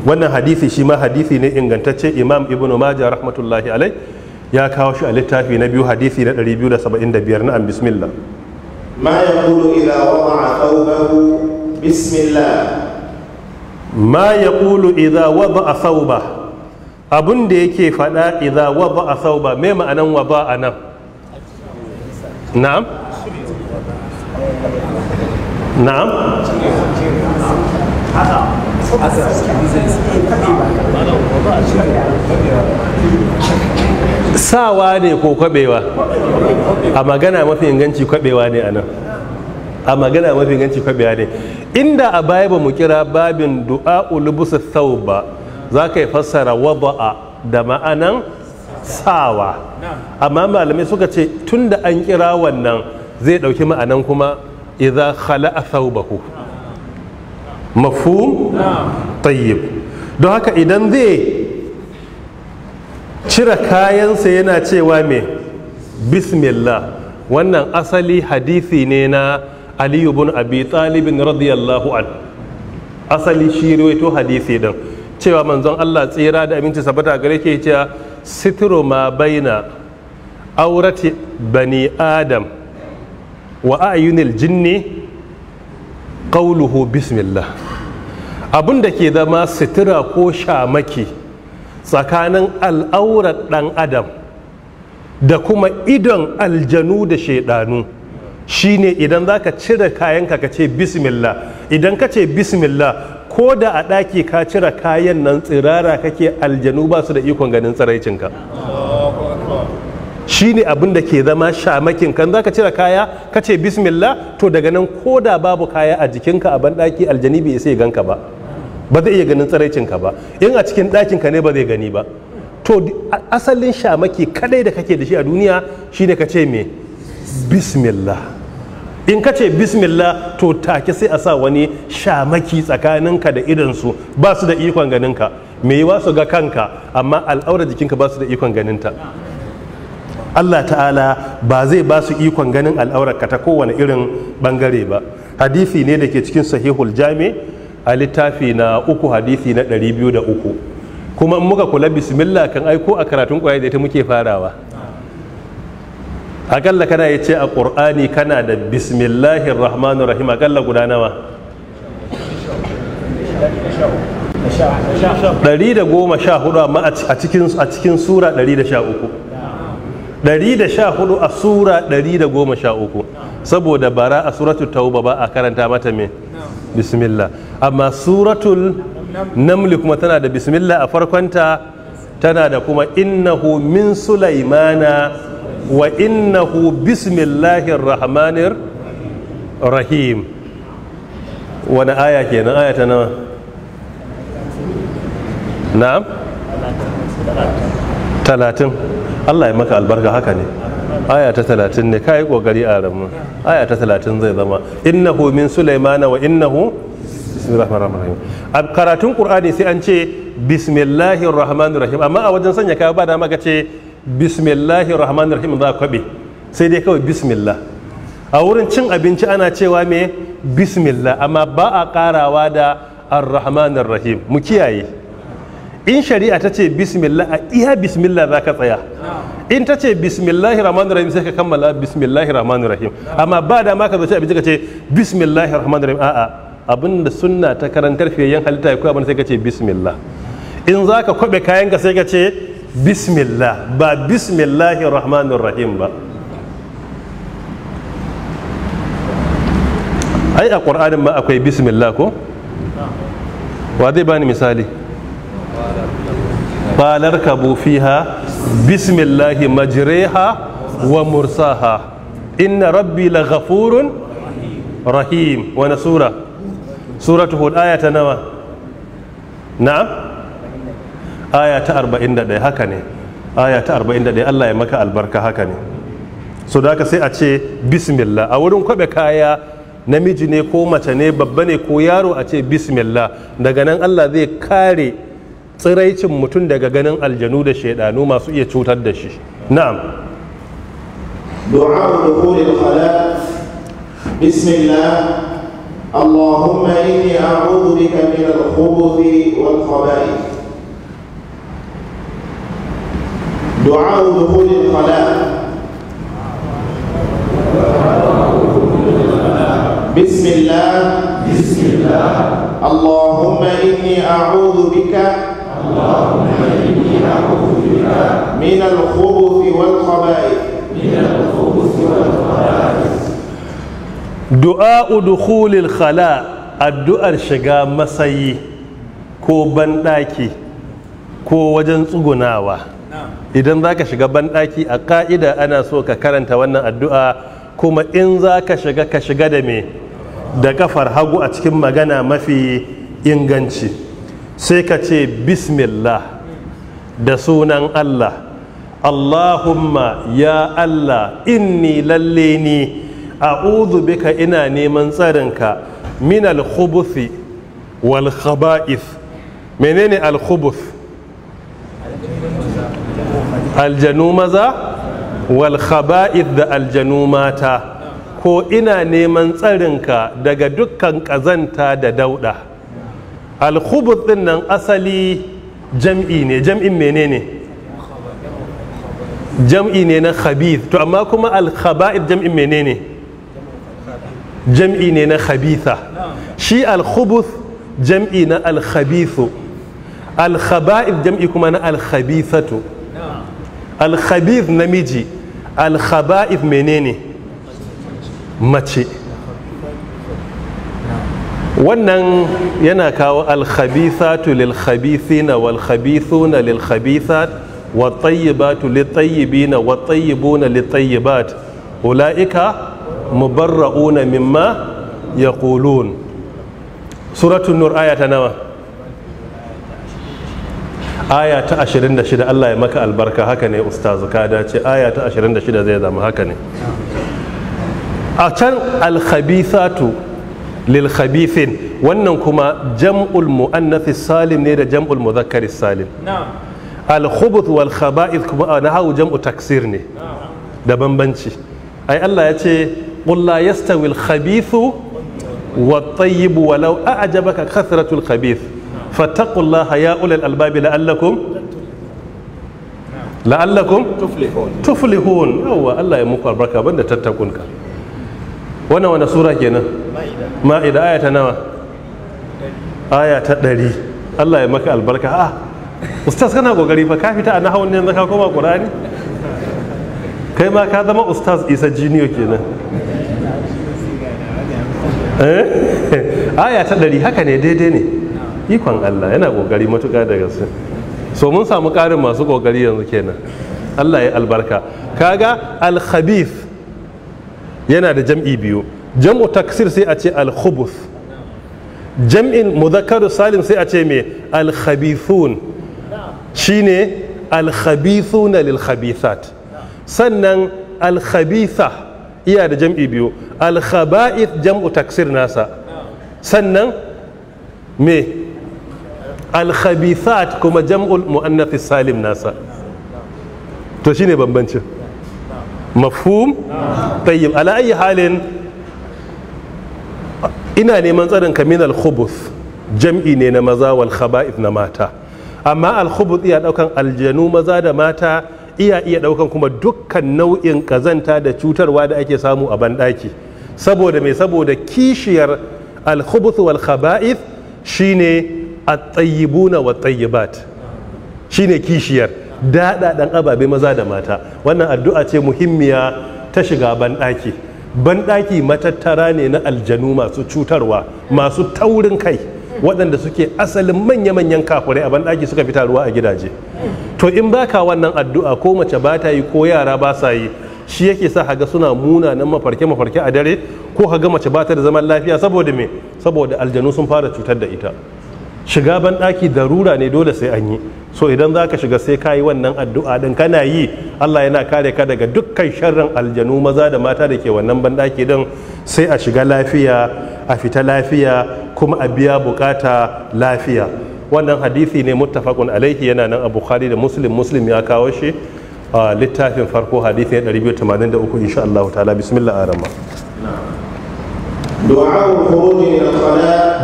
wannan hadisi shi ma hadisi ne ingantacce imam ibn majah rahmatullahi alai ya kawo shi a littafi na biyu hadisi na 275 na an bismillah ma yaqulu idza wada'a thawbahu bismillah ma yaqulu idza wada'a thawbahu abun da yake fada idza waba a sau ba mai ma'anan waba a nan na'am na'am sawa ne ko kwabewa a magana mafi inganci kwabewa ne a nan a magana mafi inganci kwabewa ne inda a baya ba mu kira babin du'a ulubusa sau ba za ka yi fassara a da ma'anan sawa amma malamai suka ce tun da an kira wannan zai ɗauki ma'anan kuma idza khala'a thawbahu mafu tayyib don haka idan zai cire kayansa yana cewa mai bismillah wannan asali hadisi ne na aliyu bin abi talibin radiyallahu an asali shi rawaito hadisi din cewa manzon Allah tsira da aminci sabata gare ke cewa sitiro ma baina aurati bani adam wa ayunil jinni qauluhu bismillah abin da ke zama sitira ko shamaki tsakanin al'aurar ɗan adam da kuma idon aljanu da shaidanu shine idan za ka cire kayanka ka ce bismillah idan ka ce bismillah ko da a ɗaki ka cire kayan nan tsirara kake aljanu ba su da ikon ganin tsiraicinka shi ne abin da ke zama shamakin kan za ka cire kaya ka ce bismillah to daga nan ko da babu kaya a jikinka a banɗaki aljani bai isa ganka ba ba zai iya ganin tsiraicinka ba in a cikin ɗakinka ne ba zai gani ba to asalin shamaki kadai da kake da shi a duniya shine ka ce me bismillah in ka ce bismillah to take sai a sa wani shamaki tsakaninka da idansu ba su da ikon ganinka me yi su ga kanka amma al'aura jikinka ba su da ikon ganinta Allah ta'ala ba zai ba su ikon ganin al'aurarka ta kowane irin bangare ba hadisi ne da ke cikin sahihul jami a littafi na uku hadisi na 203 kuma muka kula bismillah kan aiko a karatun kwaye da ita muke farawa akalla kana ya ce a ƙur'ani kana da bismillahir rahmanir rahim akalla guda nawa ɗari da goma sha hudu amma a cikin a cikin sura ɗari da sha uku ɗari da sha hudu a sura ɗari da goma sha uku saboda bara a suratul tauba ba a karanta mata me bismillah amma suratul namli kuma tana da bismillah a farkonta tana da kuma innahu min sulaimana wa innahu bismillahir rahmanir rahim wani aya kenan aya ta nawa na'am talatin Allah ya maka albarka haka ne aya ta talatin ne kayi kokari a ramu aya ta talatin zai zama innahu min sulaimana wa innahu bismillahirrahmanirrahim a karatun qur'ani sai an ce bismillahirrahmanirrahim amma a wajen sanya kaya ba da maka ce Bismillahi rahmanir rahim za kwabe sai dai kawai bismillah a wurin cin abinci ana cewa me bismillah amma ba a karawa da ar rahim mu kiyaye in shari'a ta ce bismillah a iya bismillah za ka tsaya in ta ce bismillahi rahmanir rahim sai ka kammala bismillahi rahmanir rahim amma ba da ma ka zo abinci ka ce bismillahi rahmanir rahim a'a da sunna ta karantar fiye yan halitta ya koya sai ka ce bismillah in za ka kwabe kayan ka sai ka ce بسم الله با بسم الله الرحمن الرحيم با اي القران ما اكو بسم الله كو وادي باني مثالي قال اركبوا فيها بسم الله مجريها ومرساها ان ربي لغفور رحيم وانا سوره سوره هود ايه نعم aya ta 41 haka ne aya ta 41 Allah ya maka albarka haka ne so da haka sai a ce bismillah a wurin kwabe kaya namiji ne ko mace ne babba ne ko yaro a ce bismillah daga nan Allah zai kare tsiraicin mutum daga ganin aljanu da shaidanu masu iya cutar da shi na'am Allahumma دخول الخلاء بسم الله اللهم إني أعوذ بك من الخبث والخبائث دعاء دخول الخلاء بسم الله بسم الله اللهم إني أعوذ بك اللهم إني أعوذ بك من الخبث والخبائث من الخبث والخبائث دعاء دخول الخلاء الدعاء shiga masayi ko banɗaki كو وجن tsugunawa idan za ka shiga banɗaki a ka'ida ana so ka karanta wannan addu'a kuma in za ka shiga ka shiga da me da kafar hagu a cikin magana mafi inganci sai ka ce bismillah da sunan allah allahumma ya allah inni lalle ni uzu bika ina neman tsarinka min al-khubuthi wal khaba'ith menene al aljanu maza wal da aljanu mata ko ina neman tsarinka daga dukkan kazanta da dauda al din nan asali jam'i ne jam'in menene jam'i ne na khabith to amma kuma al khaba'ith jam'in menene jam'i ne na khabitha shi al jam'i na al khabithu jam'i kuma na al alkhabith namiji alkhaba'ith menene mace wannan yana kawo alkhabithatu lilkhabithina walkhabithuna lilkhabithat wattayyibatu litayyibina wattayyibuna litayyibat ulaika mubarra'una mimma yaqulun suratul nur ayata nawa aya ta 26 Allah ya maka albarka haka ne ustazu ka dace aya ta 26 zai zama haka ne a can alkhabithatu lil khabithin wannan kuma jam'ul muannath salim ne da jam'ul mudhakkar salim al wal khaba'ith kuma na hawo jam'u taksir ne da bambanci ai Allah ya ce qul la yastawi al khabithu wat tayyib walau a'jabaka kathratul khabith fattaqullaha ya ulal albabi la'allakum la'allakum tuflihun yawwa Allah ya muku albarka banda tattakunka wannan wani sura kenan ma'ida aya ta nawa aya ta ɗari Allah ya maka albarka a ustaz kana gogari ba ka fita a nahawun ne yanzu ka koma qur'ani kai ma ka zama ustaz isa jiniyo kenan aya ta ɗari haka ne daidai ne ikon Allah yana ƙoƙari matuƙa da gaske so mun samu ƙarin masu ƙoƙari yanzu kenan Allah ya albarka kaga al khabif yana da jam'i biyu jam'u taksir sai a ce al-khubuth jam'in mudhakkaru salim sai a ce me al-khabithun shine al-khabithuna lil-khabithat sannan al-khabitha iya da jam'i biyu al-khaba'ith jam'u taksir nasa sannan me alkhabithat kuma jam'ul mu'annath salim nasa to shine bambanci mafhum tayyib ala ayi halin ina neman tsarin ka min jam'i ne na maza wal khaba'ith na mata amma al iya daukan aljanu maza da mata iya iya daukan kuma dukkan nau'in kazanta da cutarwa da ake samu a banɗaki saboda mai saboda kishiyar al wal khaba'ith shine A tsayibuna wa tsayibat shi ne kishiyar daɗaɗan ababe maza da mata wannan addu'a ce muhimmiya ta shiga banɗaki banɗaki matattara ne na aljanu masu cutarwa masu taurin kai waɗanda suke asalin manya-manyan kafurai a banɗaki suka fi taruwa a gidaje to in baka wannan addu'a ko mace ba ta yi ko yara ba sa yi shi yake sa haga suna munanan mafarke-mafarke a dare ko haga mace ba ta da zaman lafiya saboda me saboda aljanu sun fara cutar da ita shiga ban ɗaki darura ne dole sai an yi so idan za ka shiga sai ka yi wannan addu'a ɗin kana yi allah yana kare ka daga dukkan sharrin aljanu maza da mata da ke wannan ban ɗaki ɗin sai a shiga lafiya a fita lafiya kuma a biya bukata lafiya wannan hadisi ne muttafaqun alaihi yana nan a bukhari da muslim muslim ya kawo shi littafin farko hadisi 283 insha allahu ta'ala bismillah arama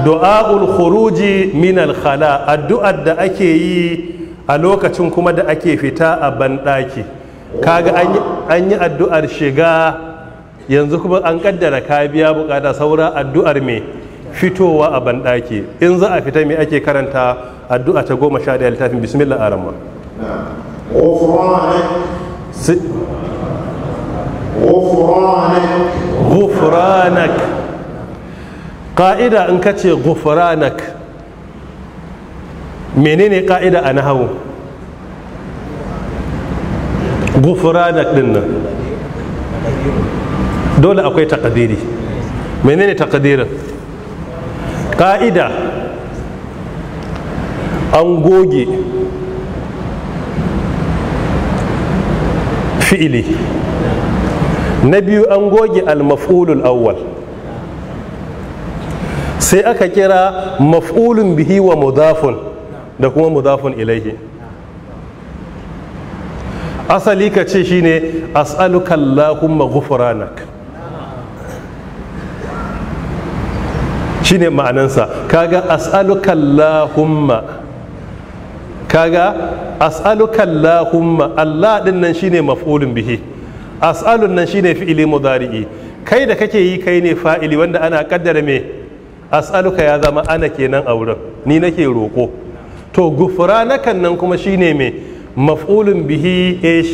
du'a'ul ul khuruji min al-khala addu'ar da ake yi a lokacin kuma da ake fita a banɗaki kaga an yi addu'ar shiga yanzu kuma an kaddara ka biya bukata saura addu'ar me fitowa a banɗaki in za a fita me ake karanta addu'a ta goma sha ɗaya littafin bismillah arama ƙa'ida in ka ce gufuranak, menene ƙa'ida a nahawu gufuranak din nan dole akwai takadiri menene takadirin ƙa'ida an goge fi'ili na biyu an goge al-maf'ulul awwal sai aka kira maf'ulun bihi wa mudafun da kuma mudafun ilaihi asali ka ce shine as'aluka allahumma ghufranak shine ma'anansa kaga as'aluka allahumma kaga as'aluka allahumma allah din nan shine maf'ulun bihi as'alun nan shine fi'ili mudari'i kai da kake yi kai ne fa'ili wanda ana kaddara me as'aluka ya zama ana kenan a wurin ni nake roƙo to kan nan kuma shine mai maf'ulun bihi ish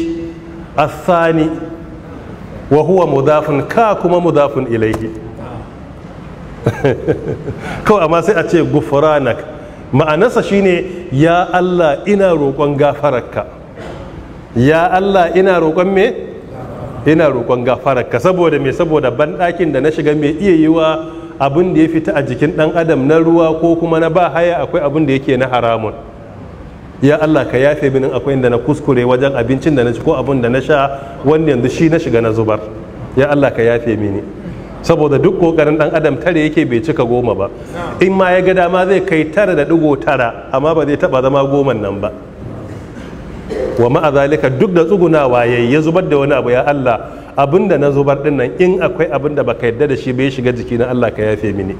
asani wa huwa mudafun ka kuma mudafun ilaihi kawai amma sai a ce gufuranak. ma'anarsa shine ya Allah ina roƙon gafararka ya Allah ina roƙon me ina roƙon gafararka saboda me saboda banɗakin da na shiga mai iya yiwa abin da ya fita a jikin ɗan adam na ruwa ko kuma na ba haya akwai abin da yake na haramun ya Allah ka yafe minin akwai inda na kuskure wajen abincin da na ci ko abin da na sha wanda yanzu shi na shiga na zubar ya Allah ka yafe mini saboda duk kokarin dan adam tare yake bai cika goma ba in ma ya ga dama zai kai tara da digo tara amma ba zai taba zama goman nan ba wa ma'azalika duk da tsugunawa yayi ya zubar da wani abu ya Allah abinda na zubar din nan in akwai abinda baka yadda da shi bai shiga jiki na Allah ka yafe mini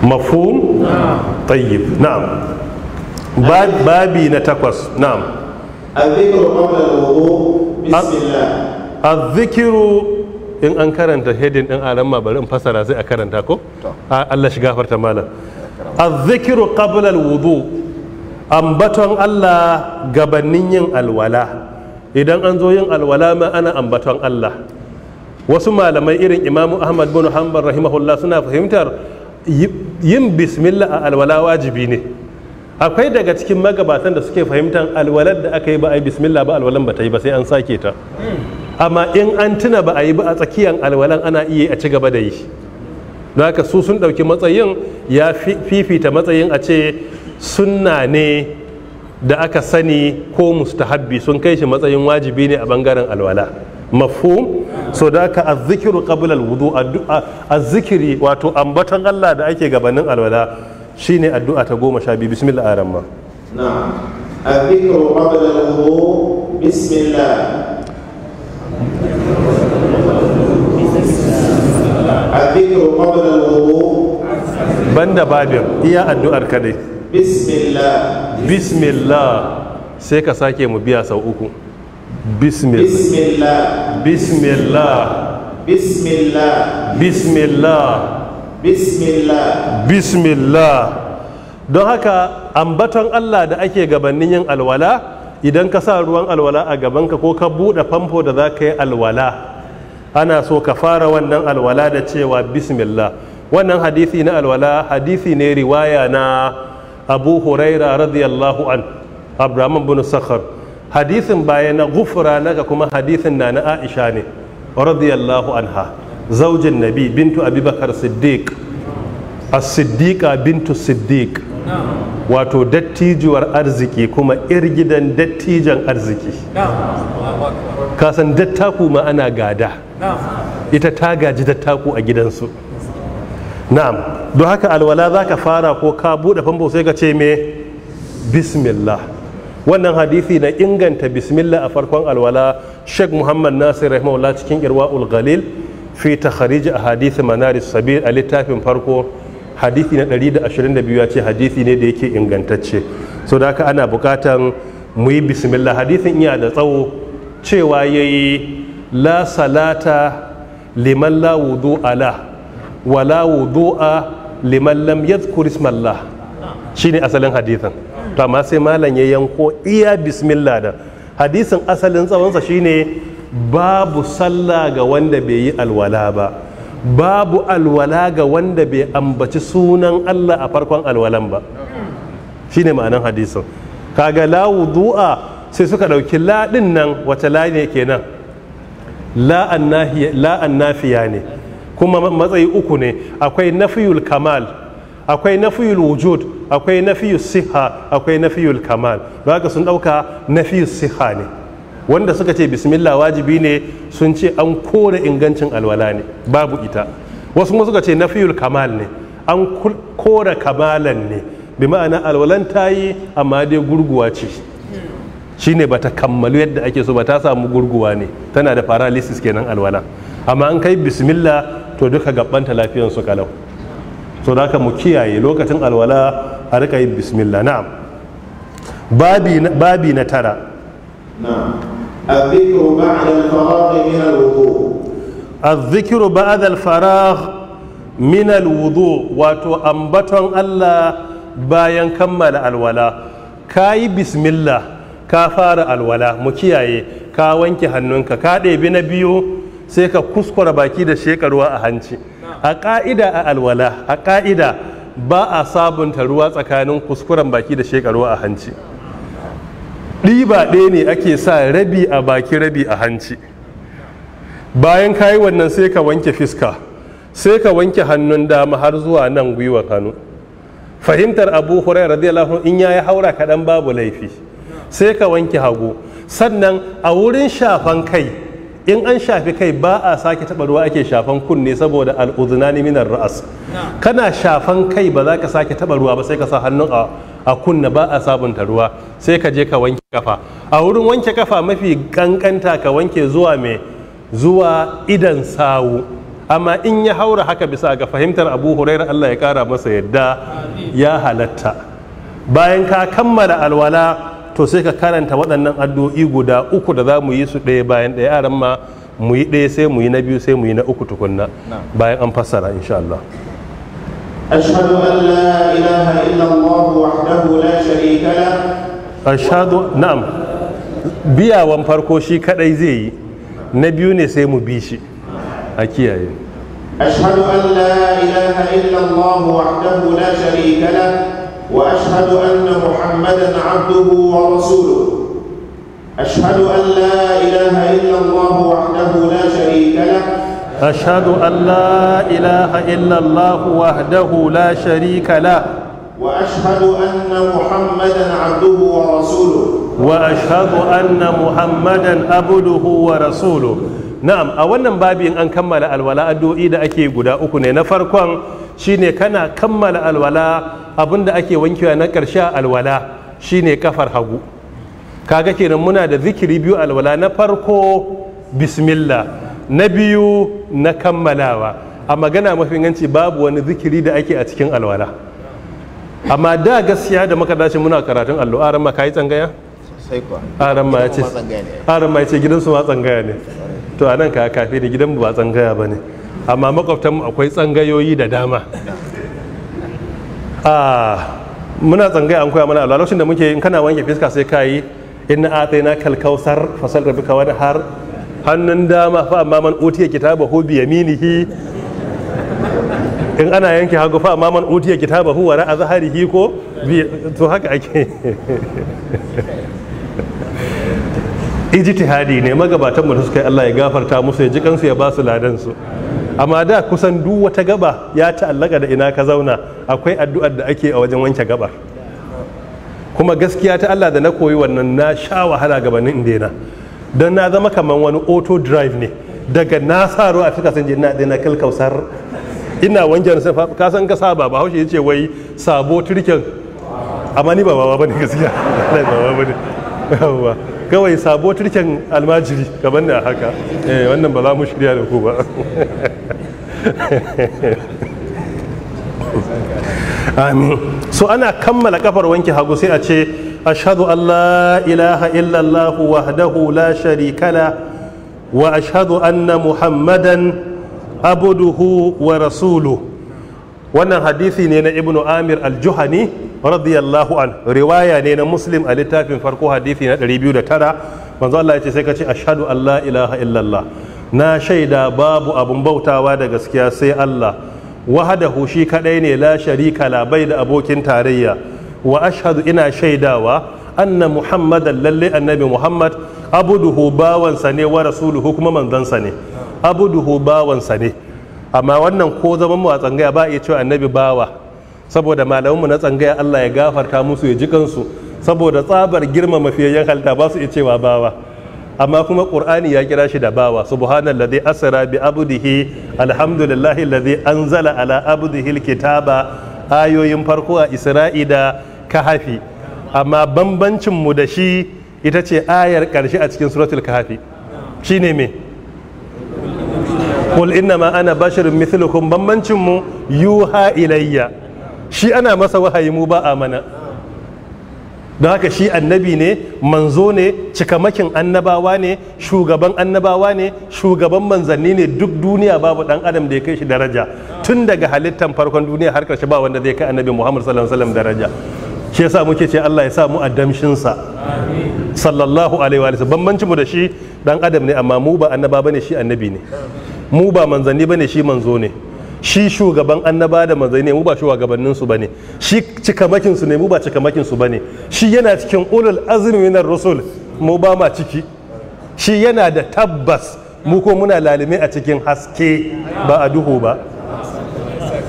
mafhum tayyib na'am babi na takwas na'am الذكر قبل الوضوء بسم الله الذكر in an karanta hedin din aran ma bari in fasara sai a karanta ko Allah shi gafarta malam azzikiru qabla alwudu ambaton Allah gabanin yin alwala idan an zo yin alwala ma ana ambaton Allah wasu malamai irin imamu ahmad bin hanbal rahimahullah suna fahimtar yin bismillah a alwala wajibi ne akwai daga cikin magabatan da suke fahimtar alwalar da aka yi ba a yi bismillah ba alwalan ba ta yi ba sai an sake ta amma in an tuna ba a yi ba a tsakiyar alwalan ana iya a ci gaba da yi don haka su sun ɗauki matsayin ya fifita matsayin a ce sunna ne da aka sani ko mustahabbi sun kai shi matsayin wajibi ne a bangaren alwala mafhum so da aka azzikiru qabla alwudu azzikiri wato ambaton Allah da ake gabanin alwala shine addu'a ta goma sha biyu bismillah ma na'am azzikiru qabla alwudu bismillah azzikiru qabla alwudu banda babin iya addu'ar kadai bismillah sai ka sake mu biya sau uku bismillah bismillah bismillah bismillah bismillah don haka ambaton Allah da ake gabanin yin alwala idan ka sa ruwan alwala a gabanka ko ka buɗe famfo da za ka yi alwala ana so ka fara wannan alwala da cewa bismillah wannan hadisi na alwala hadisi ne riwaya na abu huraira radiyallahu an abraham bin sakhar hadisin baya na gufura naka kuma hadisin na na aisha ne radiyallahu anha zaujin nabi bintu abubakar siddiq as-siddiqa bintu siddiq wato dattijuwar arziki kuma ir gidan dattijan arziki kasan dattaku ma ana gada ita ta gaji dattaku a gidansu na'am don haka alwala za ka fara ko ka buɗe famfo sai ka ce me bismillah wannan hadisi na inganta bismillah a farkon alwala sheikh muhammad nasir rahimahullah cikin irwa ulgalil fi a hadithi manaris sabir a littafin farko hadisi na 122 ya ce hadisi ne da yake ingantacce so da haka ana bukatan mu yi bismillah hadisin iya da tsawo cewa ya yi la salata liman la wudu ala wala wudu'a liman lam yadhkur ismallah shine asalin hadisin to amma sai malam ya yanko iya bismillah da hadisin asalin tsawonsa shine babu sallah ga wanda bai yi alwala ba babu alwala ga wanda bai ambaci sunan Allah a farkon alwalan ba shine ma'anan hadisin kaga la wudu'a sai suka ɗauki laɗin nan wata la ne kenan la annafiya ne kuma matsayi uku ne akwai nafiyul kamal akwai nafiyul wujud akwai nafiyul siha akwai nafiyul kamal ba ka sun ɗauka nafiyul siha ne wanda suka ce bismillah wajibi ne sun ce an kore ingancin alwala ne babu ita wasu kuma suka ce nafiyul kamal ne an kore kamalan ne bi ma'ana alwalan ta yi amma dai gurguwa ce Shi ne ba ta kammalu yadda ake so ba ta samu gurguwa ne tana da paralysis kenan alwala amma an kai bismillah to duka gabanta lafiyar su kalau so da mu kiyaye lokacin alwala a rika yin bismillah na'am babi na tara azzikiru بعد الفراغ A الوضوء الذكر بعد wato ambaton Allah bayan kammala alwala ka yi bismillah ka fara alwala mu kiyaye ka wanke hannunka ka ɗebi na biyu sai ka kuskura baki da sheka a hanci a ƙa'ida a alwala a ƙa'ida ba a sabunta ruwa tsakanin kuskuren baki da sheka a hanci ɗiba ɗaya ne ake sa rabi a baki rabi a hanci bayan kayi wannan sai ka wanke fiska sai ka wanke hannun dama har zuwa nan gwiwa hannu fahimtar abu hurairah radiyallahu in ya yi haura kaɗan babu laifi sai ka wanke hagu sannan a wurin shafan kai in an shafi kai ba a sake taɓa ruwa ake shafan kunne saboda al'udunani minar ra'as kana shafan kai ba za ka sake taɓa ruwa ba sai ka sa hannun a kunna ba a sabunta ruwa sai ka je ka wanke kafa a wurin wanke kafa mafi kankanta ka wanke zuwa mai zuwa idan sawu amma in ya haura haka bisa ga fahimtar abu huraira allah ya kara masa yadda ya halatta bayan ka kammala alwala to sai ka karanta waɗannan addu'o'i guda uku da za mu yi su ɗaya bayan ɗaya yaran ma mu yi ɗaya sai mu yi na biyu sai mu yi na uku tukunna bayan an fassara insha Allah أشهد biyawan farko shi kadai zai yi na biyu ne sai mu bi shi a kiyaye أشهد أن لا إله إلا الله وحده لا شريك واشهد ان محمدا عبده ورسوله اشهد ان لا اله الا الله وحده لا شريك له اشهد ان لا اله الا الله وحده لا شريك له واشهد ان محمدا عبده ورسوله واشهد ان محمدا عبده ورسوله na'am a wannan babin an kammala alwala addu'o'i da ake guda uku ne na farkon shine kana kammala alwala abin da ake wankewa na ƙarshe alwala shine kafar hagu kaga kenan muna da zikiri biyu alwala na farko bismillah na biyu na kammalawa a magana mafi inganci babu wani zikiri da ake a cikin alwala amma da gaskiya da muka dace muna karatun allo aran ma kai tsangaya aran ma ya ce yace gidansu ma tsangaya ne to anan ka kafe da gidan ba tsangaya ba ne. amma makwabtanmu akwai tsangayoyi da dama muna tsangaya an koya mana a lokacin da muke in kana wanke fiska sai ka yi inna tsaye na kalkausar fasal rabbika wani har hannun dama fa amma man utiya hu bi yaminihi in ana yanke hagu fa amma man utiya kitabahu wa ra'a zaharihi ko to haka ake ijtihadi ne magabatan mu suka yi Allah ya gafarta musu ya ji kansu ya ba su ladan su amma da kusan duk wata gaba ya ta'allaka da ina ka zauna akwai addu'ar da ake a wajen wanke gabar kuma gaskiya ta Allah da na koyi wannan na sha wahala gabanin daina don na zama kamar wani auto drive ne daga na sa ruwa a fika sun je na daina kalkausar ina wanke wani sai ka san ka saba ba haushe yace wai sabo turken amma ni ba baba bane gaskiya ba baba bane kawai sabo turken almajiri gaban da haka eh wannan ba za mu shirya da ku ba amin so ana kammala kafar wanke hagu sai a ce ashhadu an la ilaha illallah wahdahu la sharika la wa ashhadu anna muhammadan abuduhu wa rasuluhu wannan hadisi ne na ibnu amir al-juhani radiyallahu an riwaya ne na muslim a littafin farko hadisi na 209 manzo Allah ya ce sai ka ce ashhadu an la ilaha illallah na shaida babu abun bautawa da gaskiya sai Allah wahadahu shi kadai ne la sharika la bai da abokin tarayya wa ashhadu ina shaidawa anna muhammadan lalle annabi muhammad abuduhu sa ne wa rasuluhu kuma manzansa ne abuduhu sa ne amma wannan ko zaman mu a tsangaya ba iya cewa annabi bawa saboda malamanmu na tsangaya Allah ya gafarta musu ya ji kansu saboda tsabar girmama fiyayyen halta ba su iya cewa bawa amma kuma qur'ani ya kira shi da bawa subhanallazi asra bi abdihi alhamdulillahi allazi anzala ala abdihi alkitaba ayoyin farko a isra'ida ka kahafi amma bambancin mu da shi ita ce ayar karshe a cikin suratul kahafi shine me qul inna ma ana basharun mithlukum bambancin mu yuha ilayya shi ana masa wahayi mu ba a mana don haka shi annabi ne manzo ne cikamakin annabawa ne shugaban annabawa ne shugaban manzanni ne duk duniya babu dan adam da ya kai shi daraja tun daga halittan farkon duniya har karshe ba wanda zai kai annabi muhammad sallallahu alaihi wasallam daraja shi yasa muke ce Allah ya sa mu damshinsa. sallallahu alaihi wa sallam bambancin mu da shi dan adam ne amma mu ba annaba bane shi annabi ne mu ba manzanni bane shi manzo ne shi shugaban annaba da manzai ne mu ba shugabannin su bane shi cikamakin su ne mu ba cikamakin su bane shi yana cikin ulul azmi na rasul mu ba ma ciki shi yana da tabbas mu ko muna lalime a cikin haske ba a duhu ba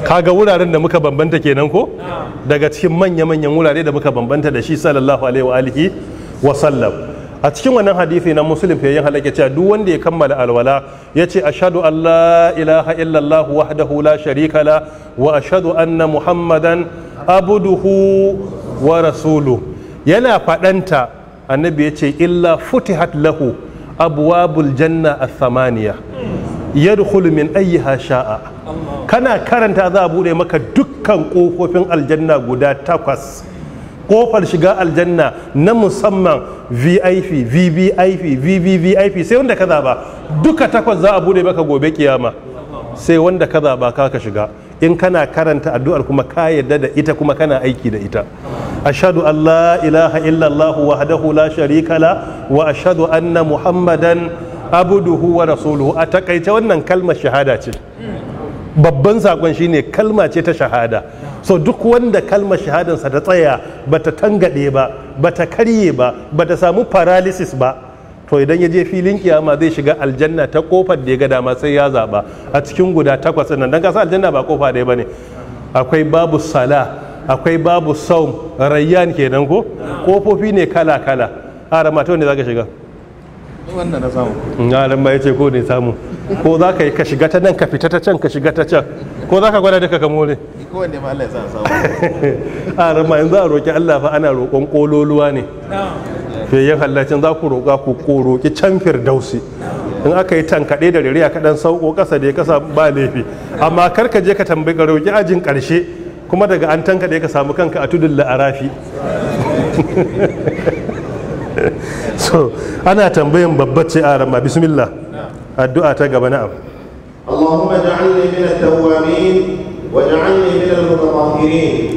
kaga wuraren da muka bambanta kenan ko daga cikin manya-manyan wurare da muka bambanta da shi sallallahu alaihi wa wa sallam a cikin wannan hadisi na muslim fiye halaka cewa duk wanda ya kammala alwala ya ce ashadu an la ilaha illallah wahdahu la sharika la wa ashadu anna muhammadan abuduhu wa rasulu yana faɗanta annabi ya ce illa futihat lahu abwabul janna athamaniya yadkhulu min ayyiha sha'a kana karanta za a bude maka dukkan kofofin aljanna guda takwas kofar shiga aljanna na musamman vip vvip vvvip sai wanda ka zaba duka takwas za a bude maka gobe kiyama sai wanda ka zaba kaka shiga in kana karanta addu'ar kuma ka yadda da ita kuma kana aiki da ita ashadu an la ilaha illallah wahdahu la sharika la wa ashadu anna muhammadan abuduhu wa rasuluhu a takaice wannan kalmar shahada ce babban sakon shine kalma ce ta shahada so duk wanda kalmar shahadansa ta tsaya bata tangaɗe ba bata karye ba bata samu paralysis ba to idan ya je filin kiyama zai shiga aljanna ta kofar da ya ga dama sai ya zaba a cikin guda takwas nan dan kasa aljanna ba kofa ɗaya bane akwai babu sala akwai babu saum rayyan kenan ko kofofi ne kala kala a ramata wanda zaka shiga wannan na samu na ran ba ce ko ne samu ko za ka yi ka shiga ta nan ka fita ta can ka shiga ta can ko za ka gwada duka ka more ko wanne ma Allah ya sa samu a ran ma yanzu a roki Allah fa ana roƙon kololuwa ne fe yan hallacin za ku roƙa ku roƙi can firdausi in aka yi tankaɗe da ririya kaɗan sauko ƙasa da ya kasa ba laifi amma kar ka je ka tambayi ka roƙi ajin ƙarshe kuma daga an tankaɗe ka samu kanka a tudun la'arafi so ana tambayin babbar ce a ramma bismillah addu'a ta gaba na'am Allahumma ja'alni min at-tawwabin wa ja'alni min al-mutatahhirin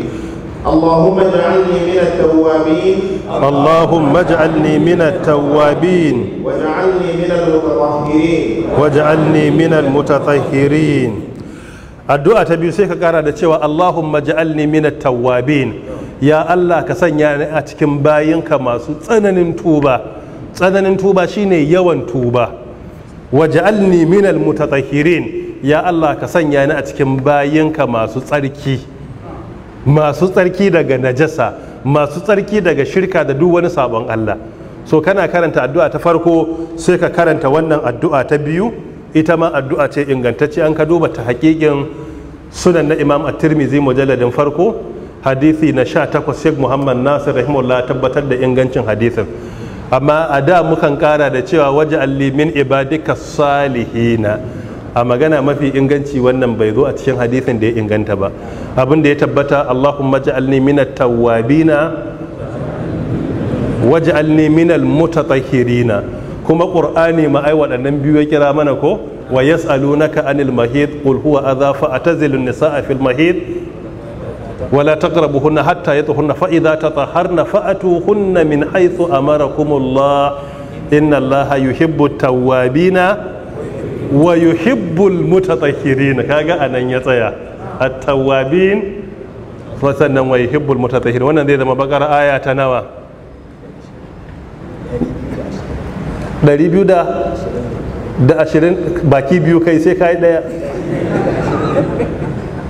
اللهم اجعلني من التوابين اللهم اجعلني من التوابين واجعلني من المتطهرين واجعلني من المتطهرين addu'a ta biyu sai ka kara da cewa Allahumma ja'alni minat tawwabin ya Allah ka sanya ni a cikin bayinka masu tsananin tuba tsananin tuba shine yawan tuba waj'alni minal mutatahhirin ya Allah ka sanya ni a cikin bayinka masu tsarki masu tsarki daga najasa masu tsarki daga shirka da duk wani sabon Allah so kana karanta addu'a ta farko sai ka karanta wannan addu'a ta biyu ita ma addu'a ce ingantacce an ka duba ta hakikin sunan na imam at-tirmidhi mujalladin farko hadisi na sha takwas sheikh muhammad nasir rahimahullah tabbatar da ingancin hadisin amma a da mukan kara da cewa waje allimin ibadika salihina a magana mafi inganci wannan bai zo a cikin hadisin da ya inganta ba abin da ya tabbata allahumma ja'alni minat tawabina waj'alni minal mutatahhirina kuma ƙur'ani ma ai waɗannan biyu ya kira mana ko wa yas'alunaka anil mahid qul huwa adha fa atazilun nisaa fil mahid wala taqrabuhunna hatta yatuhunna fa idza tatahharna fa'atuhunna min haythu amarakumullah inna allaha yuhibbu tawwabina wa yuhibbul mutatahhirin kaga anan ya tsaya at-tawwabin fa sannan wa yuhibbul mutatahhirin wannan zai zama bakara aya ta nawa 200 da ashirin baki biyu kai sai ka yi daya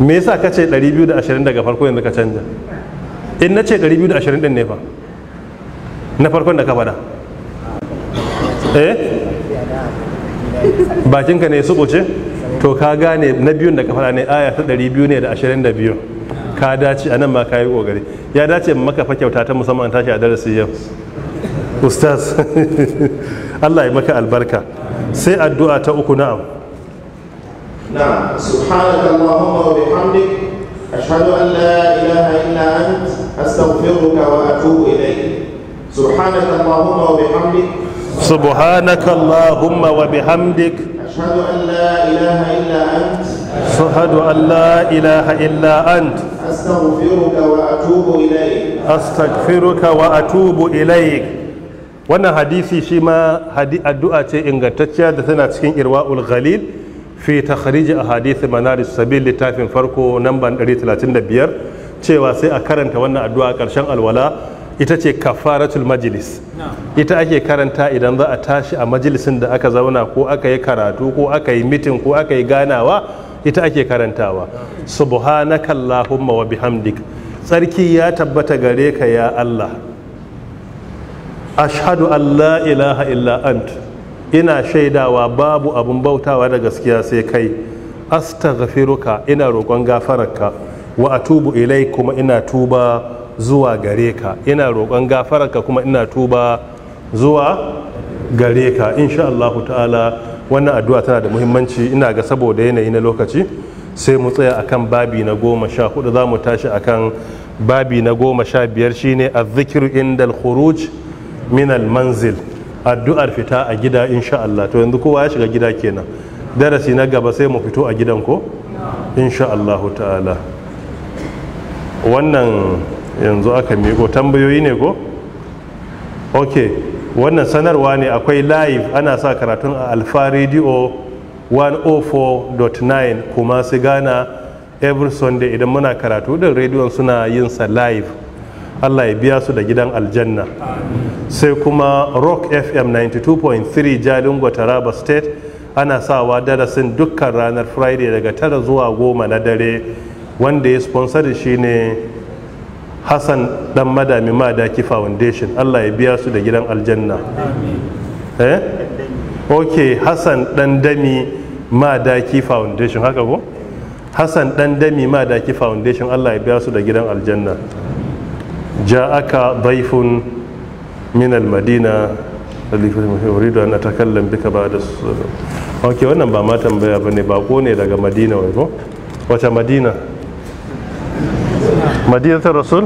me yasa ka ce 220 daga farko yanzu ka canja in na ce 220 din ne fa na farkon da ka faɗa eh bakinka ne su ce to ka gane na biyun da ka faɗa ne aya ta 200 ne da 22 ka dace a nan ma ka yi ƙoƙari ya dace maka fa kyauta ta musamman tashi a darasi yau ustaz Allah ya maka albarka sai addu'a ta uku na'am نعم سبحانك اللهم وبحمدك أشهد أن لا إله إلا أنت أستغفرك وأتوب إليك سبحانك اللهم وبحمدك سبحانك اللهم وبحمدك أشهد أن لا إله إلا أنت أشهد أن لا إله إلا أنت أستغفرك وأتوب إليك أستغفرك وأتوب إليك wannan hadisi shi ma addu'a ce ingantacciya da tana cikin irwa'ul ghalil fi a ahadith manar sabil littafin farko namban 135 cewa sai a karanta wannan addu'a karshen alwala ita ce kafaratul majlis ita ake karanta idan za a tashi a majalisin da aka zauna ko aka yi karatu ko aka yi mitin ko aka yi ganawa ita ake karantawa subhanaka allahumma wa bihamdik tsarki ya tabbata gare ka ya allah ashhadu an la ilaha illa anta ina shaidawa babu abun bautawa da gaskiya sai kai astaghfiruka ina roƙon gafararka wa atubu ilai kuma ina tuba zuwa gare ka ina roƙon gafararka kuma ina tuba zuwa gare ka insha Allah ta'ala wannan addu'a tana da muhimmanci ina ga saboda yanayi na lokaci sai mu tsaya akan babi na goma sha hudu za tashi akan babi na goma sha biyar shine azzikiru indal khuruj min al manzil addu'ar fita a gida insha Allah to yanzu kowa ya shiga gida kenan darasi na gaba sai mu fito a gidan ko insha Allah ta'ala wannan yanzu aka miko tambayoyi ne ko ok wannan sanarwa ne akwai live ana sa karatun a alfa radio 104.9 kuma su gana every sunday idan muna karatu din rediyon suna yin sa live allah ya biya su da gidan aljanna sai kuma rock fm 92.3 jalingo taraba state ana sawa darasin dukkan ranar friday daga tara zuwa goma na dare wanda ya sponsor shine hassan dan madami madaki foundation allah ya biya su da gidan aljanna eh ok hassan dan dami madaki foundation haka ko hassan dan dami madaki foundation allah ya biya su da gidan aljanna ja aka baifun. min al-madina an atakallam bika ok wannan ba ma tambaya bane bako ne daga madina wai ko madina rasul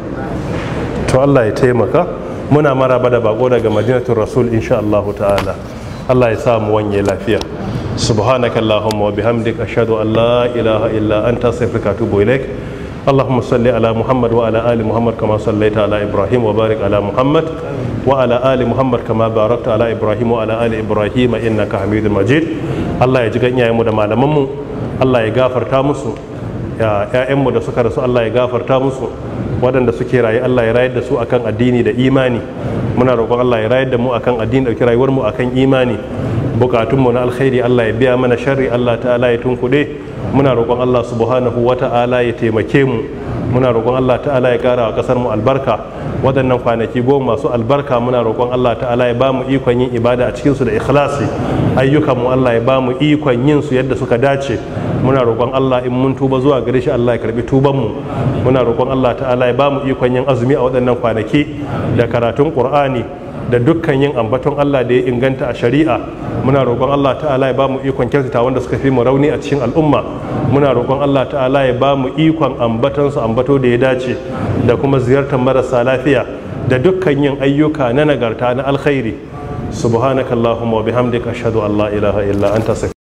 to Allah ya taimaka muna maraba da bako daga madinatul rasul insha Allah ta'ala Allah ya sa mu wanye lafiya سبحانك اللهم وبحمدك أشهد أن لا إله إلا أنت أستغفرك وأتوب إليك اللهم صل على محمد وعلى آل محمد كما صليت على إبراهيم وبارك على محمد wa ala ali muhammad kama barakta ala ibrahim wa ali ibrahim innaka hamidul majid Allah ya ji ganyayen mu da malaman Allah ya ƴaƴan mu da suka rasu Allah ya gafarta musu waɗanda suke raye Allah ya rayar da su akan addini da imani muna roƙon Allah ya rayar da mu akan addini ɗauki rayuwar mu akan imani bukatunmu na alkhairi Allah ya biya mana sharri Allah ta'ala ya tunkuɗe muna roƙon Allah subhanahu wata ta'ala ya taimake mu muna roƙon Allah ta'ala ya ƙara wa ƙasar mu albarka waɗannan kwanaki goma masu albarka muna roƙon Allah ta'ala ya ba mu ikon yin ibada a cikin su da ikhlasi ayyukan mu Allah ya ba mu ikon yin su yadda suka dace muna roƙon Allah in mun tuba zuwa gare shi Allah ya karbi tuban mu muna roƙon Allah ta'ala ya ba mu ikon yin azumi a waɗannan kwanaki da karatun Qur'ani da dukkan yin ambaton Allah da ya inganta a shari'a muna roƙon Allah ta'ala ya ba mu ikon kyautata wanda suka fi mu rauni a cikin al'umma muna roƙon Allah ta'ala ya ba mu ikon ambaton su ambato da ya dace da kuma ziyartar marasa lafiya da dukkan yin ayyuka na nagarta na alkhairi subhanakallahumma wa bihamdika ashhadu an la ilaha illa anta